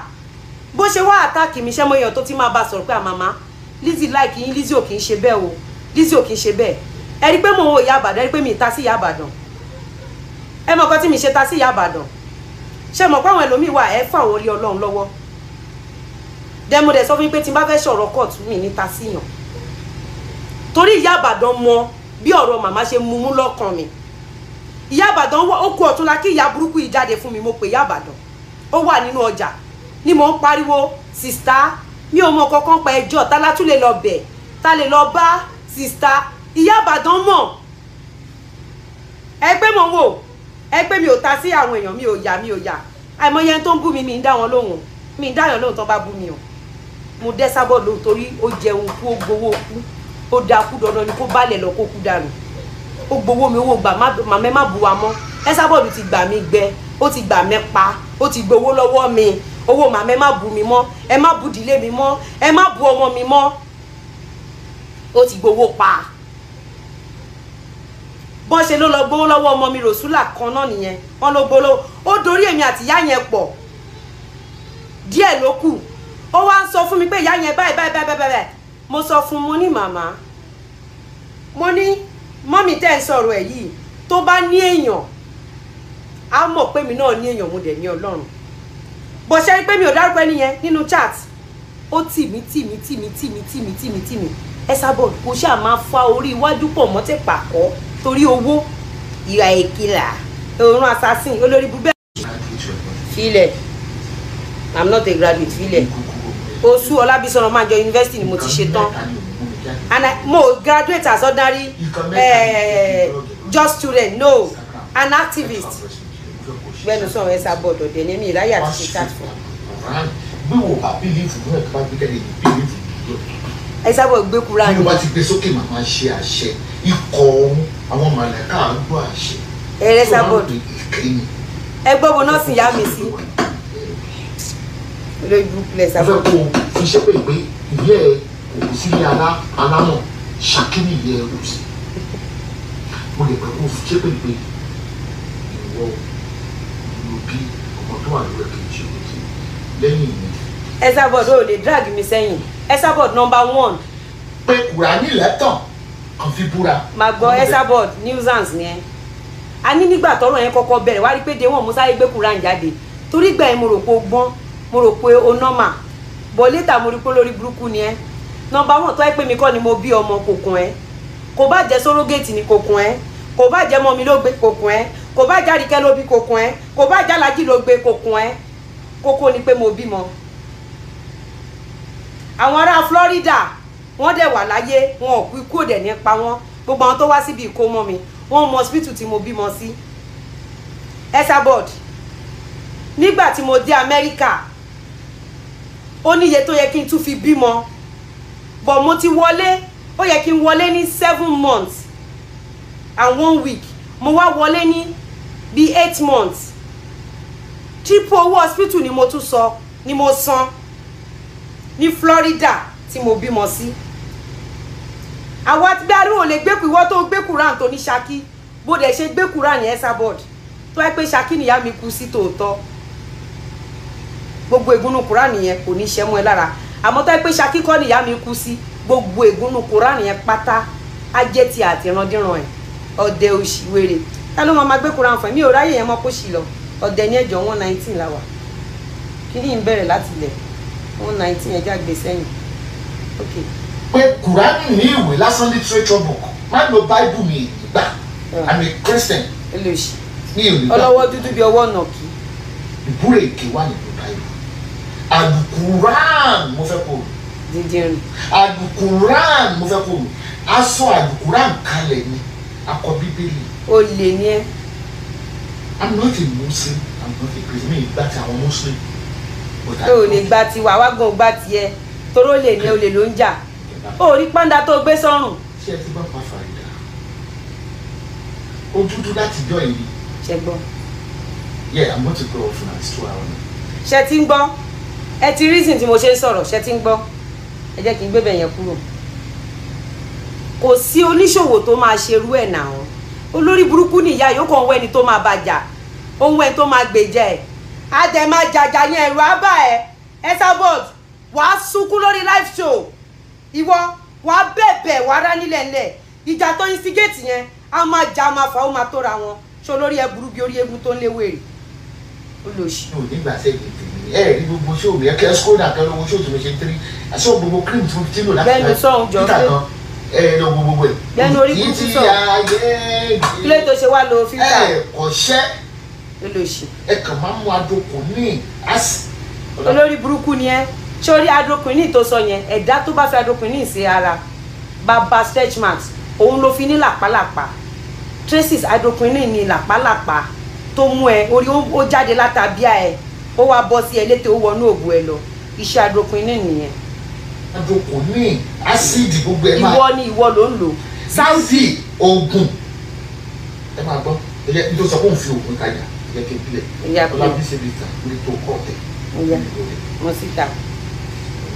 bó ṣe wá àtàkì mi ṣẹ́ mọ́ èèyàn tó ti máa ba sọ̀rọ̀ pé àmàmá Lizzy like yín Lizzy ò kì í ṣe bẹ́ẹ̀ o Lizzy ò kì í ṣe bẹ́ẹ̀ ẹ rí pé mò ń wo ìyá àbàdàn ẹ rí pé mi ta sí ìyá àbàdàn ẹ mọ̀ kan tí mi ṣe ta sí ìyá àbàdàn ṣe mọ̀ páwọn ẹlòmíín wà ẹ fún àwọn ilé ọlọ́run lọ́wọ́ dẹ́mo dẹ̀ sọ fún mi pé tí n bá fẹ́ sọ̀rọ̀ court mi níta síyàn torí ìyá àbàdàn mọ bí ọ̀rọ̀ màmá ṣe mumú lọ́kàn mi ìyá àbàdàn ó kú ọ̀túnla kí ìyá burúkú yìí jáde fún mi mo pè ìyá àbàdàn ó wà nínú ọjà ni mò ń pariwo sista mi ò mọ kankan pa ẹjọ́ ta la tún lè lọ bẹ̀ ta lè lọ bá sista ìyá àbàdàn mọ̀ ẹ pé mo wò ẹ pé mi ò ta sí àwọn èèyàn mi ò yà mi ò yà àìmọye tó ń bú mi mi ń dá wọn lóhùn mi ń dá yàn lóhùn tó bá bú mi o mo dẹ́ sábọ̀ lóhùn torí ó jẹun kú ó gbowó kú ó da kú dandan ni kó balẹ̀ lọ kó kú dànù ó gbowó mi owó gbà màmá má bu wa mọ́ ẹ sábọ̀ lù ti gbà mí gbẹ ó ti gbà mí pa ó ti gbowó lọ́wọ́ mi owó màmá ẹ má bu mi mọ́ ẹ má bu ìdílé mi mọ́ ẹ má bu ọmọ mi mọ́ ó ti gbowó pa bọ́n ṣe ló lọ gbowó lọ́wọ́ ọmọ mi rọ̀ṣúlà kan náà nìyẹn wọ́n ló gbowó lọ́wọ́ ó dorí èmi àti ìyá yẹn pọ̀ díẹ̀ ló kù ó wá ń sọ fún mi pé ìyá yẹn báyìí báyìí báyìí báyìí mo sọ fún mo ní màmá mo ní mọ́mì tẹ́ ń sọ̀rọ̀ ẹ̀ yìí tó bá ní èèyàn á mọ̀ pé mi náà ní èèyàn mo dẹ̀ ní ọlọ́run bó ṣe rí pé mi ò dárúkọ ẹni yẹn nínú chat ó tì mí tì mí tì mí tì mí tì mí tì mí tì mí ẹ sábọ̀ kò ṣáà máa fa orí iwájú pọ̀ mọ́tẹ́ pàkọ́ torí owó ìwà ìkìlà òórùn assassin olórí búbẹ́. filẹ̀ i'm not a graduate filẹ̀ oṣù ọlábísọ̀rọ̀ máa jọ yunifásitì ni mo ti ṣe tán and I, mo graduate as ordinary eh, just student no an activist gbẹnu sọ ẹ sá bọdọ dẹ ní mi ìráyà ti ṣe chat fún. bí wo bá bílíìfù náà kí wọn gbé kẹ́lẹ́ bílíìfù lọ. ẹ sábà gbé kúrò àná. bí gbé sókè màmá àwọn mọ̀lẹ́kà ń gbọ́ àṣẹ. ẹrẹ sábọọdù ẹ gbọ́ bo nọ́ọ̀sì yá mi sí lórí fẹ́ kó fi ṣépè pé ìyá ẹ alámọ̀ ṣàkíní ìyá ẹ mo lè pẹ́ kó fi ṣépè pé ìwọ ló bí ọmọ tó wà lórí ẹ̀ kì í lẹ́yìn mi. ẹ sábọọdù ò lè drag mi sẹ́yìn ẹ sábọọdù nọ́mbà one. pé kùránì lẹ́tàn kàn fi búra. màgbọ́ esabod nuisance ni ẹ a ní nígbà tọrọ yẹn kọ́kọ́ bẹ̀rẹ̀ wá rí pé de wọn mo sáré gbé Quran jáde torí gbà yẹn mo rò pé o gbọ́n mo rò pé o nọ́mà bọ̀ létà mo rí pé lórí burúkú ni ẹ nọ́mbà wọn tó ẹ pé mi kọ́ ni mo bí ọmọ kò ẹ kò bá jẹ́ sórógèètì ni kò ẹ kò bá jẹ́ mọ́mi ló gbé kò ẹ kò bá jáde kẹ́ ló bí kò ẹ kò bá jálájì ló gbé kò ẹ kókó ni pé mo bímọ àwọn ará Florida wọ́n dẹ̀ wà láyé wọn ò kú ikú òdẹ̀ nípa wọn gbogbo àwọn tó wá síbi ìkómọ mi wọ́n mọ hospital tí mo bímọ sí Esabod nígbà tí mo dé Amẹ́ríkà ó níye tó yẹ kí n tún fi bímọ bọ̀ mo ti wọlé ó yẹ kí n wọlé ní seven months and one week mo wá wọlé ní bíi eight months triple owó hospital ni mo tún sọ ni mo san ní Florida tí mo bímọ sí. Si àwọn àti bí arúgbó lè gbé ìwọ tó ń gbé Quran tó ní Ṣakí bó dẹ̀ ṣe gbé Quran yẹn Esabod tó wáyé pé Ṣakí nìyá mi kú sí tòótọ́ gbogbo ègúnnú Quran yẹn kò ní ṣẹ́ mọ́ ẹ lára àmọ́ tó wáyé pé Ṣakí kọ́ nìyá mi kú sí gbogbo ègúnnú Quran yẹn pátá á jẹ́ ti àtìrandíran ẹ̀ ọ̀dẹ òṣì wèrè ta ló máa ma gbé Quran fún mi ò ráyè yẹn mọ́ kó ṣì lọ ọ̀dẹ ní ẹ̀jọ̀ one nineteen la wà kí ni ń okay pé kùránì ní ìwé lásán literature book má lo bible mi gbà hmm. i'm a christian mi ò ní gbà ọlọ́wọ́ dúdú bí ọwọ́ ọ̀nà kì í. ìbúrò èké wà nínú bible alukuran mo fẹ́ kó o alukuran mo fẹ́ kó o a sọ alukuran kalẹ̀ ni akọ bíbélì. o lè ní ẹ. i'm not a muslim i'm not a christian mi ìgbà tí àwọn muslim. o ò lè gba tiwa wá gan gba tiẹ toró lè ní olè ló ń jà ó rí pàǹdà tó gbé sọ́rùn. ṣé ẹ ti bá pàfà ìdá ó dúdú láti jọ yìí. ṣe gbọ́. yeah i'm going to go off now it's two hours. ṣe ti ń gbọ́ ẹ ti reason tí mo ṣe ń sọ̀rọ̀ ṣe ti ń gbọ́ ẹ jẹ́ kí n gbébẹ̀ yẹn kúrò kò sí oníṣòwò tó máa ṣerú ẹ̀ nà ọ́ olórí burúkú nìyá yóò kàn wẹ́ni tó máa bàjá òun ẹ̀ tó máa gbèjà ẹ̀ á tẹ̀ máa jàjà yẹn ẹ̀rù á bà ẹ̀ ẹ̀ sábọ̀d wàá sunkún lórí live show ìwọ wàá bẹ̀bẹ̀ wàá rá nílẹ̀ ńlẹ̀ ìjà tó ń sígẹ́ẹ̀tì yẹn á máa jà máa fà ó máa tóra wọn ṣó lórí ẹ burú bí orí egun tó ń léwé rè olóṣì. mi ò ní gbà sẹ́yìn ẹ rí gbogbo ṣó mi ẹkẹ skoda kan lówó ṣó tó mi ṣe ń tiri àṣọ gbogbo cream tó ti lò láti kan títà kan ẹ lọ gbogbo ẹ. lẹ́nu orí kúkú sọ kílé tó ṣe wá lo fílà. ẹ kò ṣẹ́ olóṣì. ẹ kàn máa mú adokun ní. olórí burúkú ni ẹ sórí adroquinine tó sọ yẹn ẹ̀dá tó bá fi adroquinine sí ara bàbá stretch marks òun ló fi ní làpálàpá traces adroquinine ní làpálàpá tó mú ẹ orí ó jáde látàbíà ẹ ó wá bọ́ sí ẹ létè ó wọnú òògùn ẹ lọ iṣẹ́ adroquinine nìyẹn. adroquinine ásíìdì gbogbo ẹ máa ìwọ ni ìwọ ló ń lò. saudi oògùn ẹ máa gbọ́ ẹ jẹ́ nítorí sọ pé òun fi oògùn tajà ẹ jẹ́ kí n pilẹ̀ ọlábísí mi ta orí tó kọ́ ọ̀tẹ̀. mo sì ta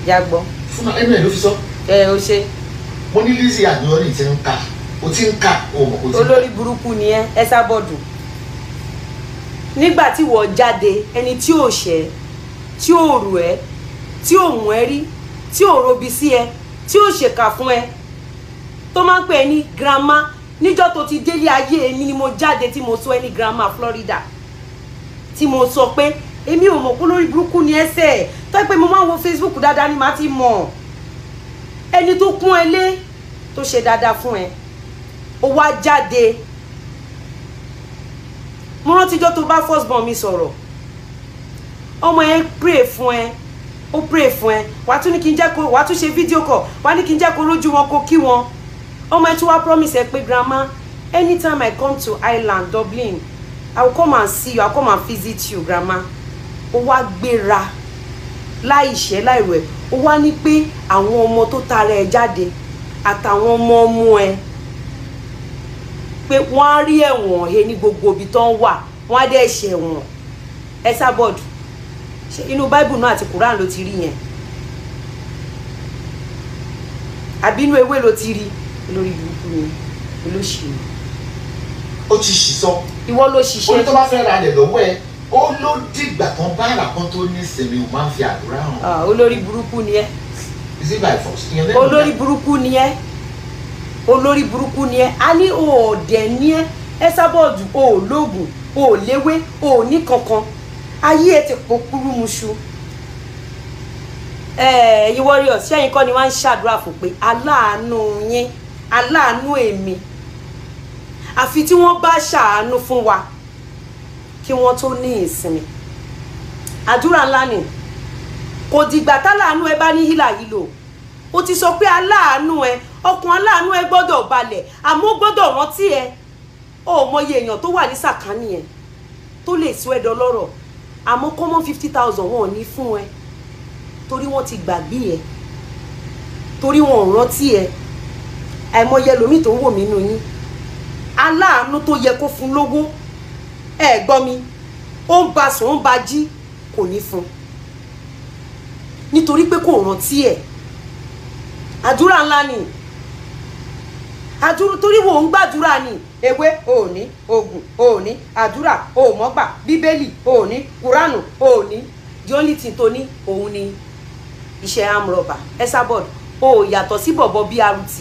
já gbọ́. fúnra ẹnu ẹ ló fi sọ. ẹ o ṣe. mo ní Lizzy Anjorin ti ń ka o ti ń ka o mọ̀ o ti. olórí burúkú ni ẹ ẹ sábọ̀dù nígbà tí wọ́n jáde ẹni tí ò ṣẹ́ tí ò rù ẹ́ tí ò mú ẹ rí tí ò robi sí ẹ tí ò ṣèkà fún ẹ tó máa ń pè é ní grandma níjọ́ tó ti délé ayé èmi ni mo jáde tí mo sọ ẹ ní grandma Florida tí mo sọ pé èmi ò mọ̀ pé lórí burúkú ni ẹsẹ̀ tó pé mo máa ń wo Facebook dáadáa ni màá ti mọ̀ ẹni tó kún ẹ lé tó ṣe dáadáa fún ẹ ó wá jáde mo rántíjọ́ tó bá first born mi sọ̀rọ̀ ọmọ yẹn pray fún ẹ ó pray fún ẹ wàá tún ní kí n jẹ́ kó wàá tún ṣe fídíò kọ̀ wàá ní kí n jẹ́ kó rójú wọn kó kí wọn ọmọ ẹ tún wá promise ẹ pé grandma anytime I come to Ireland Dublin I will come and see you I will come and visit you grandma ó wá gbéra láìṣẹ́ láìrò ẹ̀ ó wá ní pé àwọn ọmọ tó tara ẹ jáde àtàwọn ọmọ ọmọ ẹ pé wọ́n á rí ẹ̀wọ̀n he ní gbogbo ibi tó ń wà wọ́n á dẹ̀ ṣẹ̀wọ̀n ẹ sábọ̀dù inú báìbù náà àti Quran ló ti rí yẹn àbí ewé ló ti rí lórí burúkú olóṣèlú. ó ti ṣì ìwọ ló ṣiṣẹ́. ó tó bá fẹ́ ra rẹ̀ lọ́wọ́ ẹ ó ló dìgbà kan bára kan tó ní sinmi ò máa fi àdúrà hàn. Ah, olórí burúkú ni ẹ. is it by force? olórí burúkú ni ẹ olórí burúkú ni ẹ a ní òòdẹ ní ẹ ẹ sábọọdù òòlóògùn òòléwé òòní kankan ayé ẹ ti pọ kúrúmuṣu ẹ̀yin warriors ṣẹ́yìn kọ́ ni wọ́n ń ṣàdúrà fún pé aláàánú yín aláàánú èmi àfi tí wọ́n bá ṣàánú fún wa kí wọ́n tó ní ìsinmi àdúrà ńlá ni kò dìgbà táláàánú ẹ bá ní hílà yìí lò o ti sọ pé aláàánú ẹ ọkàn aláàánú ẹ gbọ́dọ̀ balẹ̀ àmọ́ gbọ́dọ̀ rántí ẹ ó mọyì èèyàn tó wà ní sàkání ẹ tó lè sọ ẹ dọlọ́rọ̀ àmọ́ kọ́mọ́ fifty thousand wọn ò ní fún ẹ torí wọ́n ti gbàgbé ẹ torí wọn ò rántí ẹ àìmọye ẹlòmíì tó ń wò mí nù yín aláàánú tó yẹ kó fún lówó ẹ gbọ́ mi ó ń ba sùn ó ń ba jí kò ní fún nítorí pé kò rántí ẹ̀ àdúrà ńlá ni àdúrà torí wo ń gbàdúrà ni ewé òní oògùn òní àdúrà òmọ́gbà bíbélì òní kúránù òní the only òun ni iṣẹ́ amrọ̀bà esabod o ò yàtọ̀ sí bọ̀bọ̀ brt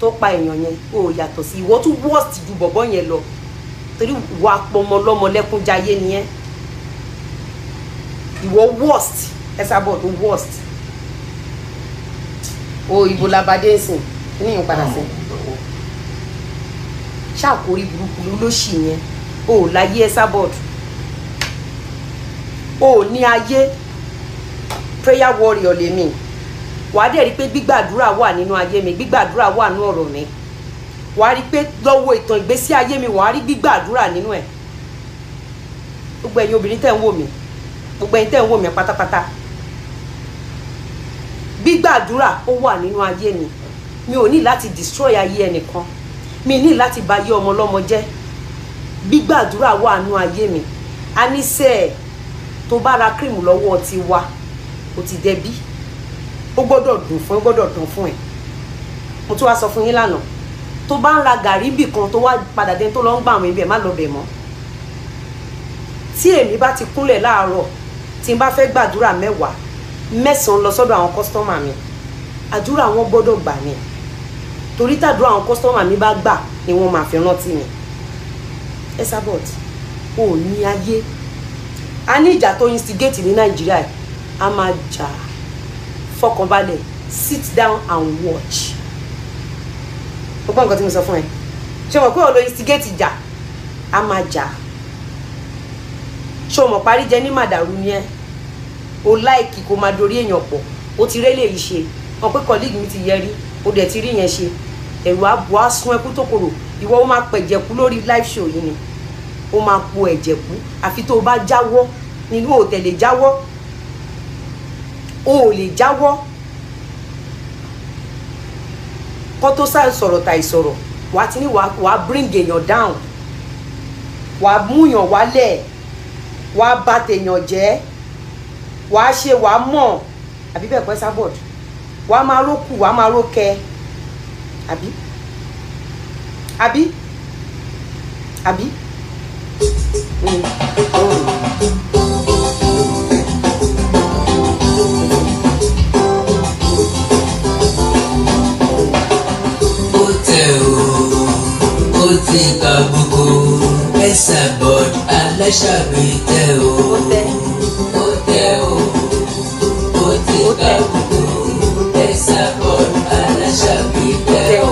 tó pa èèyàn yẹn o ò yàtọ̀ sí ìwọ tún worst ju bọ̀bọ̀ yẹn lọ torí wà pọmọ lọmọ lẹkúnjayé nìyẹn ìwọ worst Esabod tó worst o ìbò labadé nsìn kí ni ìyẹn padà sí ṣàkórí burúkú lóṣì yẹn o ò láyé Esabod o ò ní ayé prayer warrior lèmi wàá dẹ̀ rí i pé gbígbàdúrà wà nínú ayé mi gbígbàdúrà wà nínú ọ̀rọ̀ mi wàá rí pé lọ́wọ́ ìtàn ìgbésí ayé mi wàá rí gbígbàdúrà nínú ẹ̀ gbogbo ẹ̀yin obìnrin tẹ̀ ń wò mí gbogbo ẹ̀yin tẹ̀ ń wò mí pátápátá gbígbàdúrà ó wà nínú ayé mi mi ò ní láti destroy ayé ẹnìkan mi ní láti ba ayé ọmọ ọlọ́mọ jẹ́ gbígbàdúrà wà nínú ayé mi a ní sẹ́ẹ̀ tó bá ra cream lọ́wọ́ ti wa ó ti dẹbí ó gbọ́dọ̀ dùn fún ẹ gbọ́dọ̀ dùn fún ẹ mo tún wá sọ fún yín lánàá tó bá ń ra gàrí bì kan tó wá padà dé tó lọ ń gbà àwọn ibẹ̀ má lọ bẹ̀ mọ́ tí èmi bá ti kúnlẹ̀ láàárọ̀ tí n bá fẹ́ gbàdúrà mẹ́wàá mẹ́sàn lọ sọ́dọ̀ àwọn kọ́sítọ́mà mi àdúrà wọn gbọ́dọ̀ gbà ni torí tàdúrà àwọn kọ́sítọ́mà mi bá gbà ni wọ́n máa fi rántí mi Esabod ò ní ayé a ní ìjà tó instigate ní Nàìjíríà a máa jà fọkànbalẹ̀ sit down and watch o gbọ́ nǹkan tí mo sọ fún ẹ ṣé o mọ̀ pé o lo instigate ìjà a máa jà ṣé o mọ̀ parí jẹ ní màdàrú ni ẹ o láìkì kó máa dorí èèyàn pọ̀ o ti rélé yìí ṣe wọn pé colleague mi ti yẹ rí o dẹ̀ ti rí yẹn ṣe ẹ̀rù abo asún ẹkú tó korò ìwọ ó máa pẹ̀jẹ̀ kú lórí live show yìí ni ó máa po ẹ̀jẹ̀ kú àfi tó o bá jáwọ́ nínú òtẹ̀lẹ̀ jáwọ́ o ò lè jáwọ́ kó tó sá sọ̀rọ̀ tàì sọ̀rọ̀ wàá ti ní wàá bring èèyàn down wàá múyàn wálẹ̀ wàá bà tèèyàn jẹ́ wàá ṣe wàá mọ̀ àbí bẹ́ẹ̀ pẹ́ sábọ̀d wàá máa rókù wàá máa rókẹ àbí àbí àbí. Mm. tẹ̀ o ó ti gba gbogbo ẹ̀sà bọ̀d aláṣàbí tẹ̀ o ó tẹ̀ o ó ti gba gbogbo ẹ̀sà bọ̀d aláṣàbí tẹ̀ o.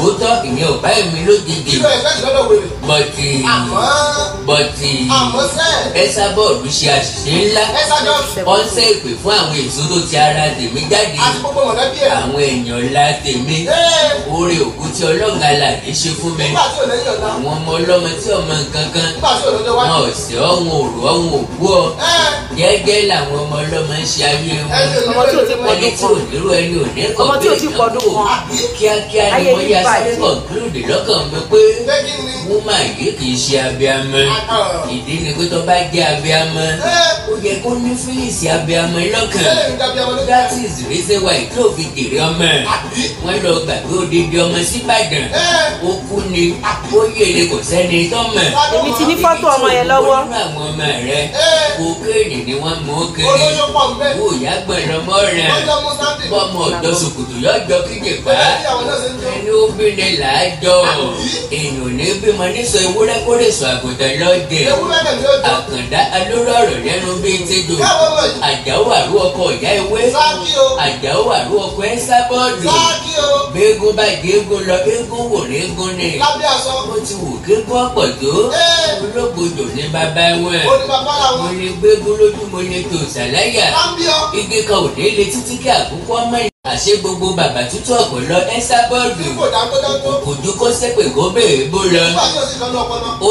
òótọ́ ìyẹn ò bá lójijì bọ̀tì bọ́tì ẹ̀sà bọ́ọ̀lù ṣe àṣìṣe ńlá wọ́n ṣe ìpè fún àwọn èso tó ti ara tèmi jáde àwọn èèyàn ńlá tèmi oore òkú tí ọlọ́gà làdé ṣe fún mi àwọn ọmọ ọlọ́mọ tí ọmọ nǹkan kan wọn ò sí ọ̀hún òrò ọ̀hún òkú ọ gẹ́gẹ́ làwọn ọmọ ọlọ́mọ ń ṣe ayé wọn ẹni tí ò nírú ẹni ò ní kọ̀ bẹ́ẹ̀ kan tó kíákíá ni wọ́n yá sí kọ̀ǹkúrúdì lọ́kàn mi pé wọ́n máa yé kì í ṣe abiyamọ ìdí ni pé tó bá jẹ́ abiyamọ eh. ó yẹ kó ní fílíìsì abiyamọ lọ́kàn eh, that is reason why tó fi jèrè ọmọ wọn lọ gbàgbé odidi ọmọ síbàdàn eh. ó kú ni ó yèrè kò sẹ́ni tó mọ̀ èmi ti ní fọ́tò ọmọ yẹn lọ́wọ́ nínú àwọn ọmọ rẹ kókéèrè ni wọ́n mú kiri wò yá gbọ̀nàmọ́ rẹ bọ́mọ ọ̀dọ́ sòkòtò yọjọ́ kíjèpá ẹni ó bí ni làájọ́ èèyàn ò ní bímọ ní sọ ewúrẹ́ kó lè sọ àgùntàn lọ lọ́jẹ̀ àkàndá alórọ̀rọ̀ lẹ́nu bíi tẹ́jọ àjáwó àrú ọkọ ìyá ewé àjáwó àrú ọkọ ẹ sábọ́ọ̀dù gbégun bá gbégun lọ gbégun wò légun ni mo ti wù kíkọ́ pọ̀ tó olóògbòdò ní bàbá wọn mo lè gbégun lójú mo lè tò sàlàyà igi kan ò délé títí kí àkókò ọmọ yìí àṣé gbogbo bàbá tútù ọ̀gbọ̀n lọ ẹ́sà bọ́ọ̀lù òkòjú kó sépè kó béèrè bó lọ. ó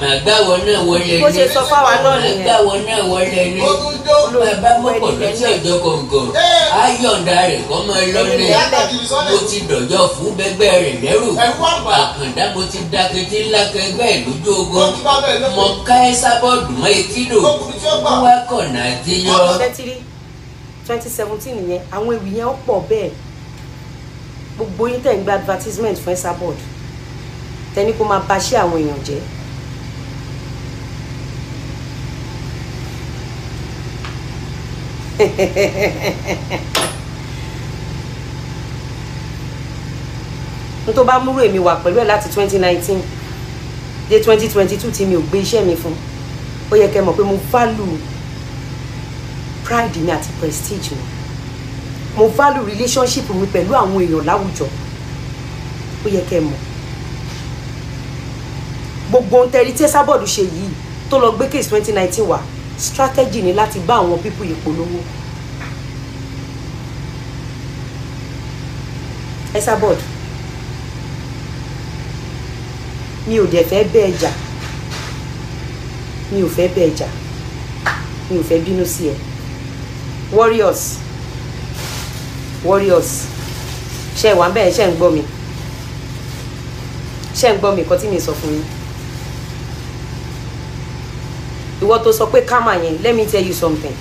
máa gbá wọn náà wọlé ní máa gbá wọn náà wọlé ní bàbá mọ́pọ̀ lọ́sí ọ̀jọ́ kọ̀ǹgàn á yọ̀ǹda rẹ̀ kọ́ mọ́ ẹ lọ́lẹ̀ mo ti dọ̀jọ́ fún bẹ́gbẹ́ rẹ̀ lẹ́rù àkàndá mo ti da kejì ńlá kẹgbẹ́ ẹ̀ lójú ogun mọ ká ẹ́sà bọ́ọ̀lù mọ́ etí lò wọ́n wá kọ̀nà àti yọ twenty seventeen yẹn àwọn ewì yẹn ó pọ̀ bẹ́ẹ̀ gbogbo yín tẹ̀ ń gba advertisement fún Esabod tẹni kó máa baṣẹ́ àwọn èèyàn jẹ́ n tó bá múrò èmi wà pẹ̀lú ẹ̀ láti twenty nineteen dé twenty twenty two tí mi ò gbé iṣẹ́ mi fún ó yẹ kẹ́ mọ̀ pé mo value pride mi àti prestige mi mo value relationship mi pẹ̀lú àwọn èèyàn láwùjọ ó yẹ kẹ́ ẹ mọ̀ gbogbo ohun tẹ́rí tí Esabod ṣe yìí tó lọ gbé case twenty nineteen wá strategy ni láti bá àwọn pípù yìí polówó Esabod mi ò dẹ̀ fẹ́ bẹ́ẹ̀ jà mi ò fẹ́ bẹ́ẹ̀ jà mi ò fẹ́ bínú sí ẹ warriors warriors ṣe wà ń bẹ́ẹ̀ ṣe ń gbọ́ mi ṣe ń gbọ́ mi kọ́ tí mi sọ fún yín ìwọ tó sọ pé karma yẹn let me tell you something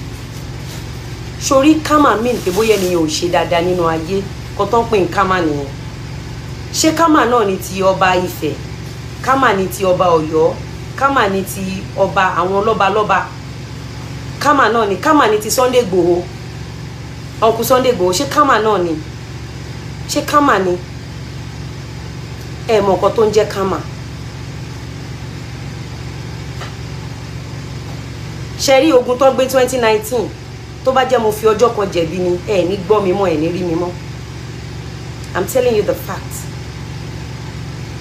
sori karma mean pé bóyá ènìyàn ò ṣe dáadáa nínú ayé kó tó ń pè ní karma nìyẹn ṣé karma náà ni ti ọba Ifẹ̀ karma ni ti ọba Ọ̀yọ́ karma ni ti ọba àwọn lọ́balọ́ba Kama náà ni kámà ni ti Sunday Igboho ọkùn Sunday Igboho ṣé kama náà ni ṣé kámà ni ẹ mọ nǹkan tó ń jẹ́ kámà. ṣe rí ogun tó gbé twenty nineteen tó bá jẹ́ mo fi ọjọ́ kan jẹ̀bi ni ẹ ní gbọ́ mi mọ́ ẹ ní rí mi mọ́ i'm telling you the fact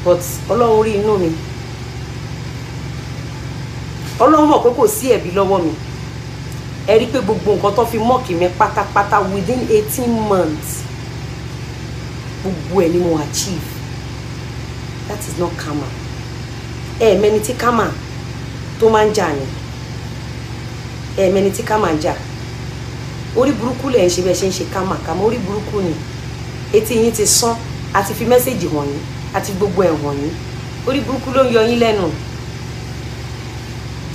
but ọlọ́run rí inú mi ọlọ́run mọ̀ pé kò sí ẹ̀bi lọ́wọ́ mi ẹ rí i pé gbogbo nǹkan tó fi mọ́ọ̀kì mi pátápátá within eighteen months gbogbo ẹ̀ ni mo achieve that is not karma ẹ mẹni tí karma tó máa ń jà ni ẹ mẹni tí karma ń jà orí burúkú lẹ̀ ń ṣe bẹ́ẹ̀ ṣe ń ṣe karma karma orí burúkú ni etí yín ti sán àti fi mẹ́sẹ̀gì hàn yín àti gbogbo ẹ̀ hàn yín orí burúkú ló ń yọ yín lẹ́nu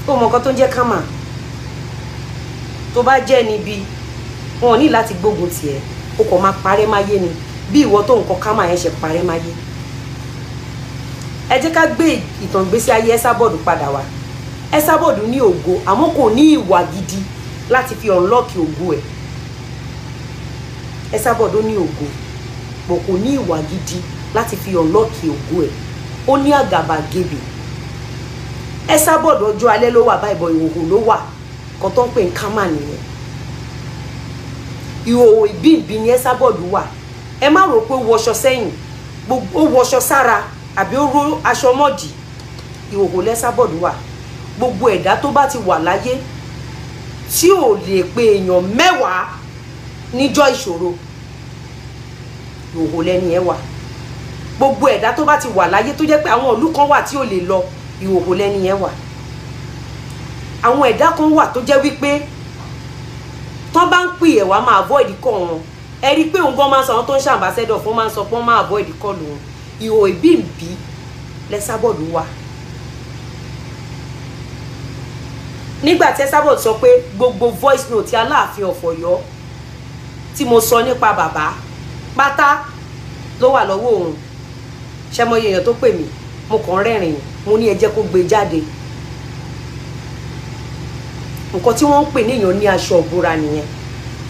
ó mọ nǹkan tó ń jẹ́ karma tó bá jẹ́ níbi wọn ò ní láti gbógun tiẹ̀ o kò máa parẹ́ máyé ni bí ìwọ tó nǹkan kámà yẹn ṣe parẹ́ máyé ẹ jẹ́ ká gbé ìtàn ìgbésí ayé Esabod padà wá Esabod ní ògo àmọ́ kò ní ìwà gidi láti fi ọ̀nlọ́ọ̀kì ògo ẹ̀ Esabod ní ògo pọ̀ kò ní ìwà gidi láti fi ọ̀nlọ́ọ̀kì ògo ẹ̀ ó ní àgàbàgebè Esabod ọjọ́ alẹ́ ló wà báyìí bọ̀ ìhòhò ló wà nǹkan tó ń pè ní kámà nìyẹn ìhòòhò ìbíìbí ni Ẹsábọ̀dù wà ẹ má rò pé ó wọṣọ sẹ́yìn ó wọṣọ sára àbí ó ró aṣọ mọ́dì ìhòòhò lẹ́sàbọ̀dù wà gbogbo ẹ̀dá tó bá ti wà láyé tí ò lè pe èèyàn mẹ́wàá níjọ́ ìṣòro ìhòòhò lẹ́ni ẹ wà gbogbo ẹ̀dá tó bá ti wà láyé tó jẹ́ pé àwọn ìlú kan wà tí ò lè lọ ìhòòhò lẹ́ni ẹ wà àwọn ẹ̀dá kan wà tó jẹ́ wípé tán bá ń pè ẹ̀ wá máa avoid kọ́ wọn ẹ rí i pé òun gan máa ń sọ àwọn tó ń ṣàǹbáṣẹ́dọ̀ fún máa ń sọ pé wọ́n máa avoid kọ́ lòun ìhò ìbí ń bí lẹ́sàbọ̀dù wà. nígbà tí ẹsàbọ̀dù sọ pé gbogbo voice note ti aláàfin ọ̀fọ̀yọ́ tí mo sọ nípa bàbá pátá ló wà lọ́wọ́ òun ṣẹ́mọye èèyàn tó pè mí mo kàn rẹ́rìn-ín mo ní ẹ jẹ́ kó gbé jáde nǹkan tí wọ́n ń pè níyàn ní aṣọ ìbora nìyẹn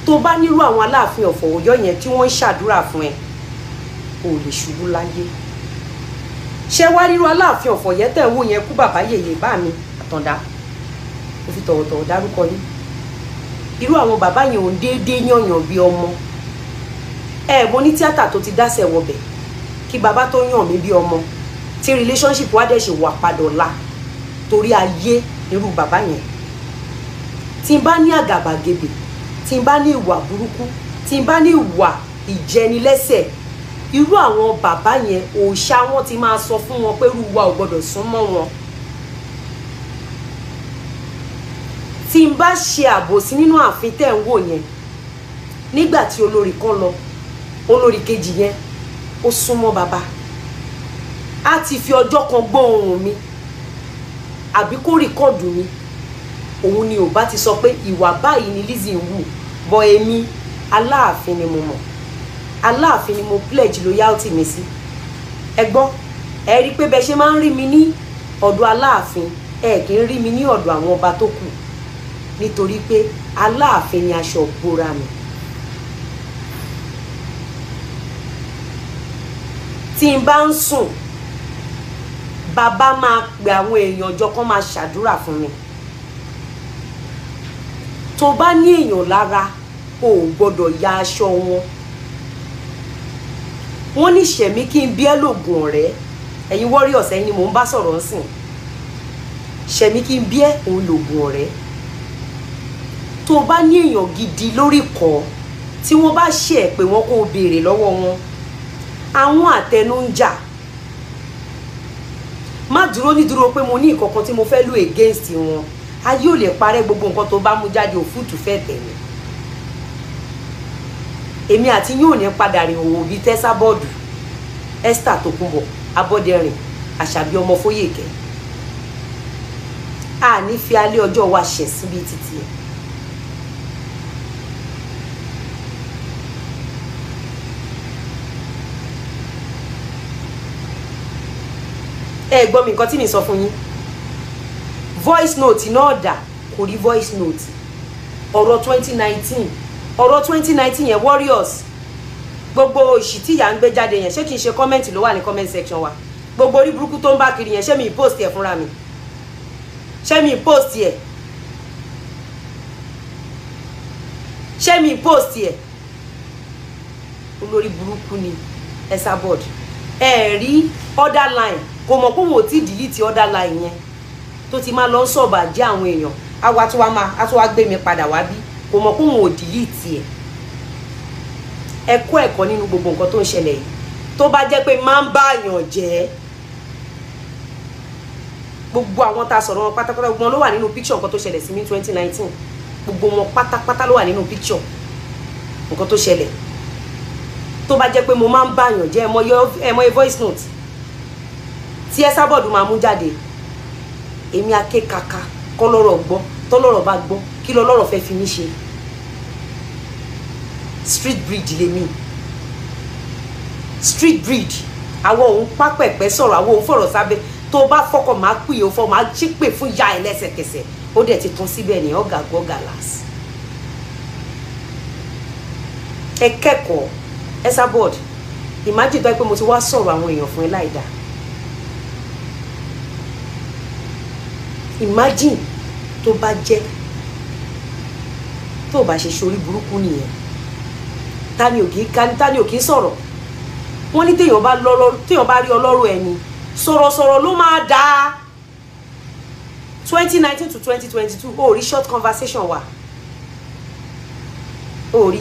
tó bá nílò àwọn aláàfin ọ̀fọ̀ òyọ́ yẹn tí wọ́n ń ṣàdúrà fún ẹ ò lè ṣubú láyé ṣé wá ríro aláàfin ọ̀fọ̀ yẹn tẹ̀ ń wò yẹn kú bàbá yèyè bá mi àtàndá mo fi tọ̀wọ̀tọ̀wọ̀ dárúkọ yín irú àwọn bàbá yẹn ò ń déédéé yànyàn bíi ọmọ ẹ mo ní tíátà tó ti dáṣẹ wọbẹ kí bàbá tó yàn mí bíi ọmọ tí relationship wa dẹ̀ ṣe wà padà ọ̀la torí ayé irú bàbá yẹn tí n bá ní àgàbàgebè tí n bá ní ìwà burúkú tí n bá ní ìwà ìjẹnilẹ́sẹ̀ irú àwọn bàbá yẹn òòṣà wọn ti máa sọ fún wọn pé irú wa ò gbọdọ̀ sún mọ́ wọn. tí n bá ṣe àbòsí nínú ààfin tẹ̀ ń wò yẹn nígbà tí olórí kan lọ olórí kejì yẹn ó súnmọ́ bàbá a ti fi ọjọ́ kan gbọ́ ohùn mi àbí kó rìkọ́ọ̀dù mi òun ni ò bá ti sọ pé ìwà báyìí ni Lizzy ń wù bọ èmi aláàfin ni mo mọ̀ aláàfin ni mo pledge loyalty mi sí ẹ gbọ́ ẹ rí i pé bẹ́ẹ̀ ṣe máa ń rí mi ní ọ̀dọ̀ aláàfin ẹ kì í rí mi ní ọ̀dọ̀ àwọn ọba tó kù nítorí pé aláàfin ni aṣọ ìbora mi. tí n bá ń sùn bàbá máa pe àwọn èèyàn jọ kán máa ṣàdúrà fún mi tó bá ní èèyàn lára o ò gbọ́dọ̀ ya aṣọ wọn wọ́n ní ṣẹ̀mí kí n bí ẹ́ lògùn ọ̀rẹ́ ẹ̀yin warriors ẹ̀yin ni mò ń bá sọ̀rọ̀ ńsìn ṣẹ̀mí kí n bí ẹ́ òun lògùn ọ̀rẹ́ tó bá ní èèyàn gidi lórí kọ́ tí wọ́n bá ṣe ẹ̀ pé wọ́n kó o béèrè lọ́wọ́ wọn àwọn àtẹnu ń jà má dúró nídúró pé mo ní nǹkan tí mo fẹ́ lò against wọn ayé ò lè parẹ́ gbogbo nǹkan tó bá mú jáde òfútù fẹ́ tẹ̀lé èmi àti yín ò ní padà rìn òwò bíi tẹ́sà bọ́ọ̀dù Esther Tòkunbọ̀ Abọ́dẹrìn Àṣàbí ọmọ Fóyèkẹ́ a ní fi alẹ́ ọjọ́ wa ṣẹ̀ síbi títí ẹ̀. ẹ gbọ́ mi nǹkan tí mi sọ fún yín voice note náà dà kò rí voice note ọ̀rọ̀ 2019 ọ̀rọ̀ 2019 yẹn warriors gbogbo òṣì tí ìyá ń gbé jáde yẹn ṣé kí n ṣe comment ló wà ní comment section wa gbogbo orí burúkú tó ń bá kiri yẹn ṣé mi post ẹ̀ fúnra mi ṣé mi post ẹ̀ ṣé mi post ẹ̀ olórí burúkú ni ẹ̀sà board ẹ̀ rí order line kò mọ̀ kó wò ó ti delete order line yẹn tó ti máa lọ ń sọ̀bà jẹ́ àwọn èèyàn àwa tó wá máa á wá gbé mi padà wá bí kò mọ̀ pé òun ò dìlítì ẹ̀ ẹ kọ́ ẹ̀kọ́ nínú gbogbo nǹkan tó ń ṣẹlẹ̀ yìí tó bá jẹ́ pé máa ń bá àyàn jẹ́ gbogbo àwọn tá a sọ̀rọ̀ wọn pátápátá gbogbo wọn ló wà nínú picture nǹkan tó ṣẹlẹ̀ sí mi twenty nineteen gbogbo wọn pátápátá ló wà nínú picture nǹkan tó ṣẹlẹ̀ tó bá jẹ́ pé mo máa ń bá àyàn jẹ́ ẹ mọ ẹ voice note tí ẹ sábọ̀dù máa mú jáde èmi aké kaka kọ́ lọ́rọ̀ gbọ́ tọ́lọ́rọ̀ bá gbọ́ kí lọ́lọ́rọ̀ fẹ́ fi mí ṣe street breed lèmi street breed àwọn òun pápẹ̀pẹ́ sọ̀rọ̀ àwọn òun fọ̀rọ̀ sábẹ́ tó o bá fọkọ̀ máa pè é fọ́ máa jí pè fún ya ẹ lẹ́sẹ̀kẹsẹ̀ ó dẹ̀ ti tún síbẹ̀ ní ọ̀gá gọ́gà las ẹ kẹ́kọ̀ọ́ ẹ sábọ̀d ìmájì tó ẹ pé mo ti wá sọ̀rọ̀ àwọn èèyàn fún ẹ láì dáa imagine tó bá jẹ́ tó bá ṣe sórí burúkú nìyẹn ta ni ò kì í ka ta ni ò kì í sọ̀rọ̀ wọ́n ní téèyàn bá lọ́rọ́ téèyàn bá rí ọlọ́rọ̀ ẹni sọ̀rọ̀sọ̀rọ̀ ló máa dáa twenty nineteen to twenty twenty two o short conversation wa o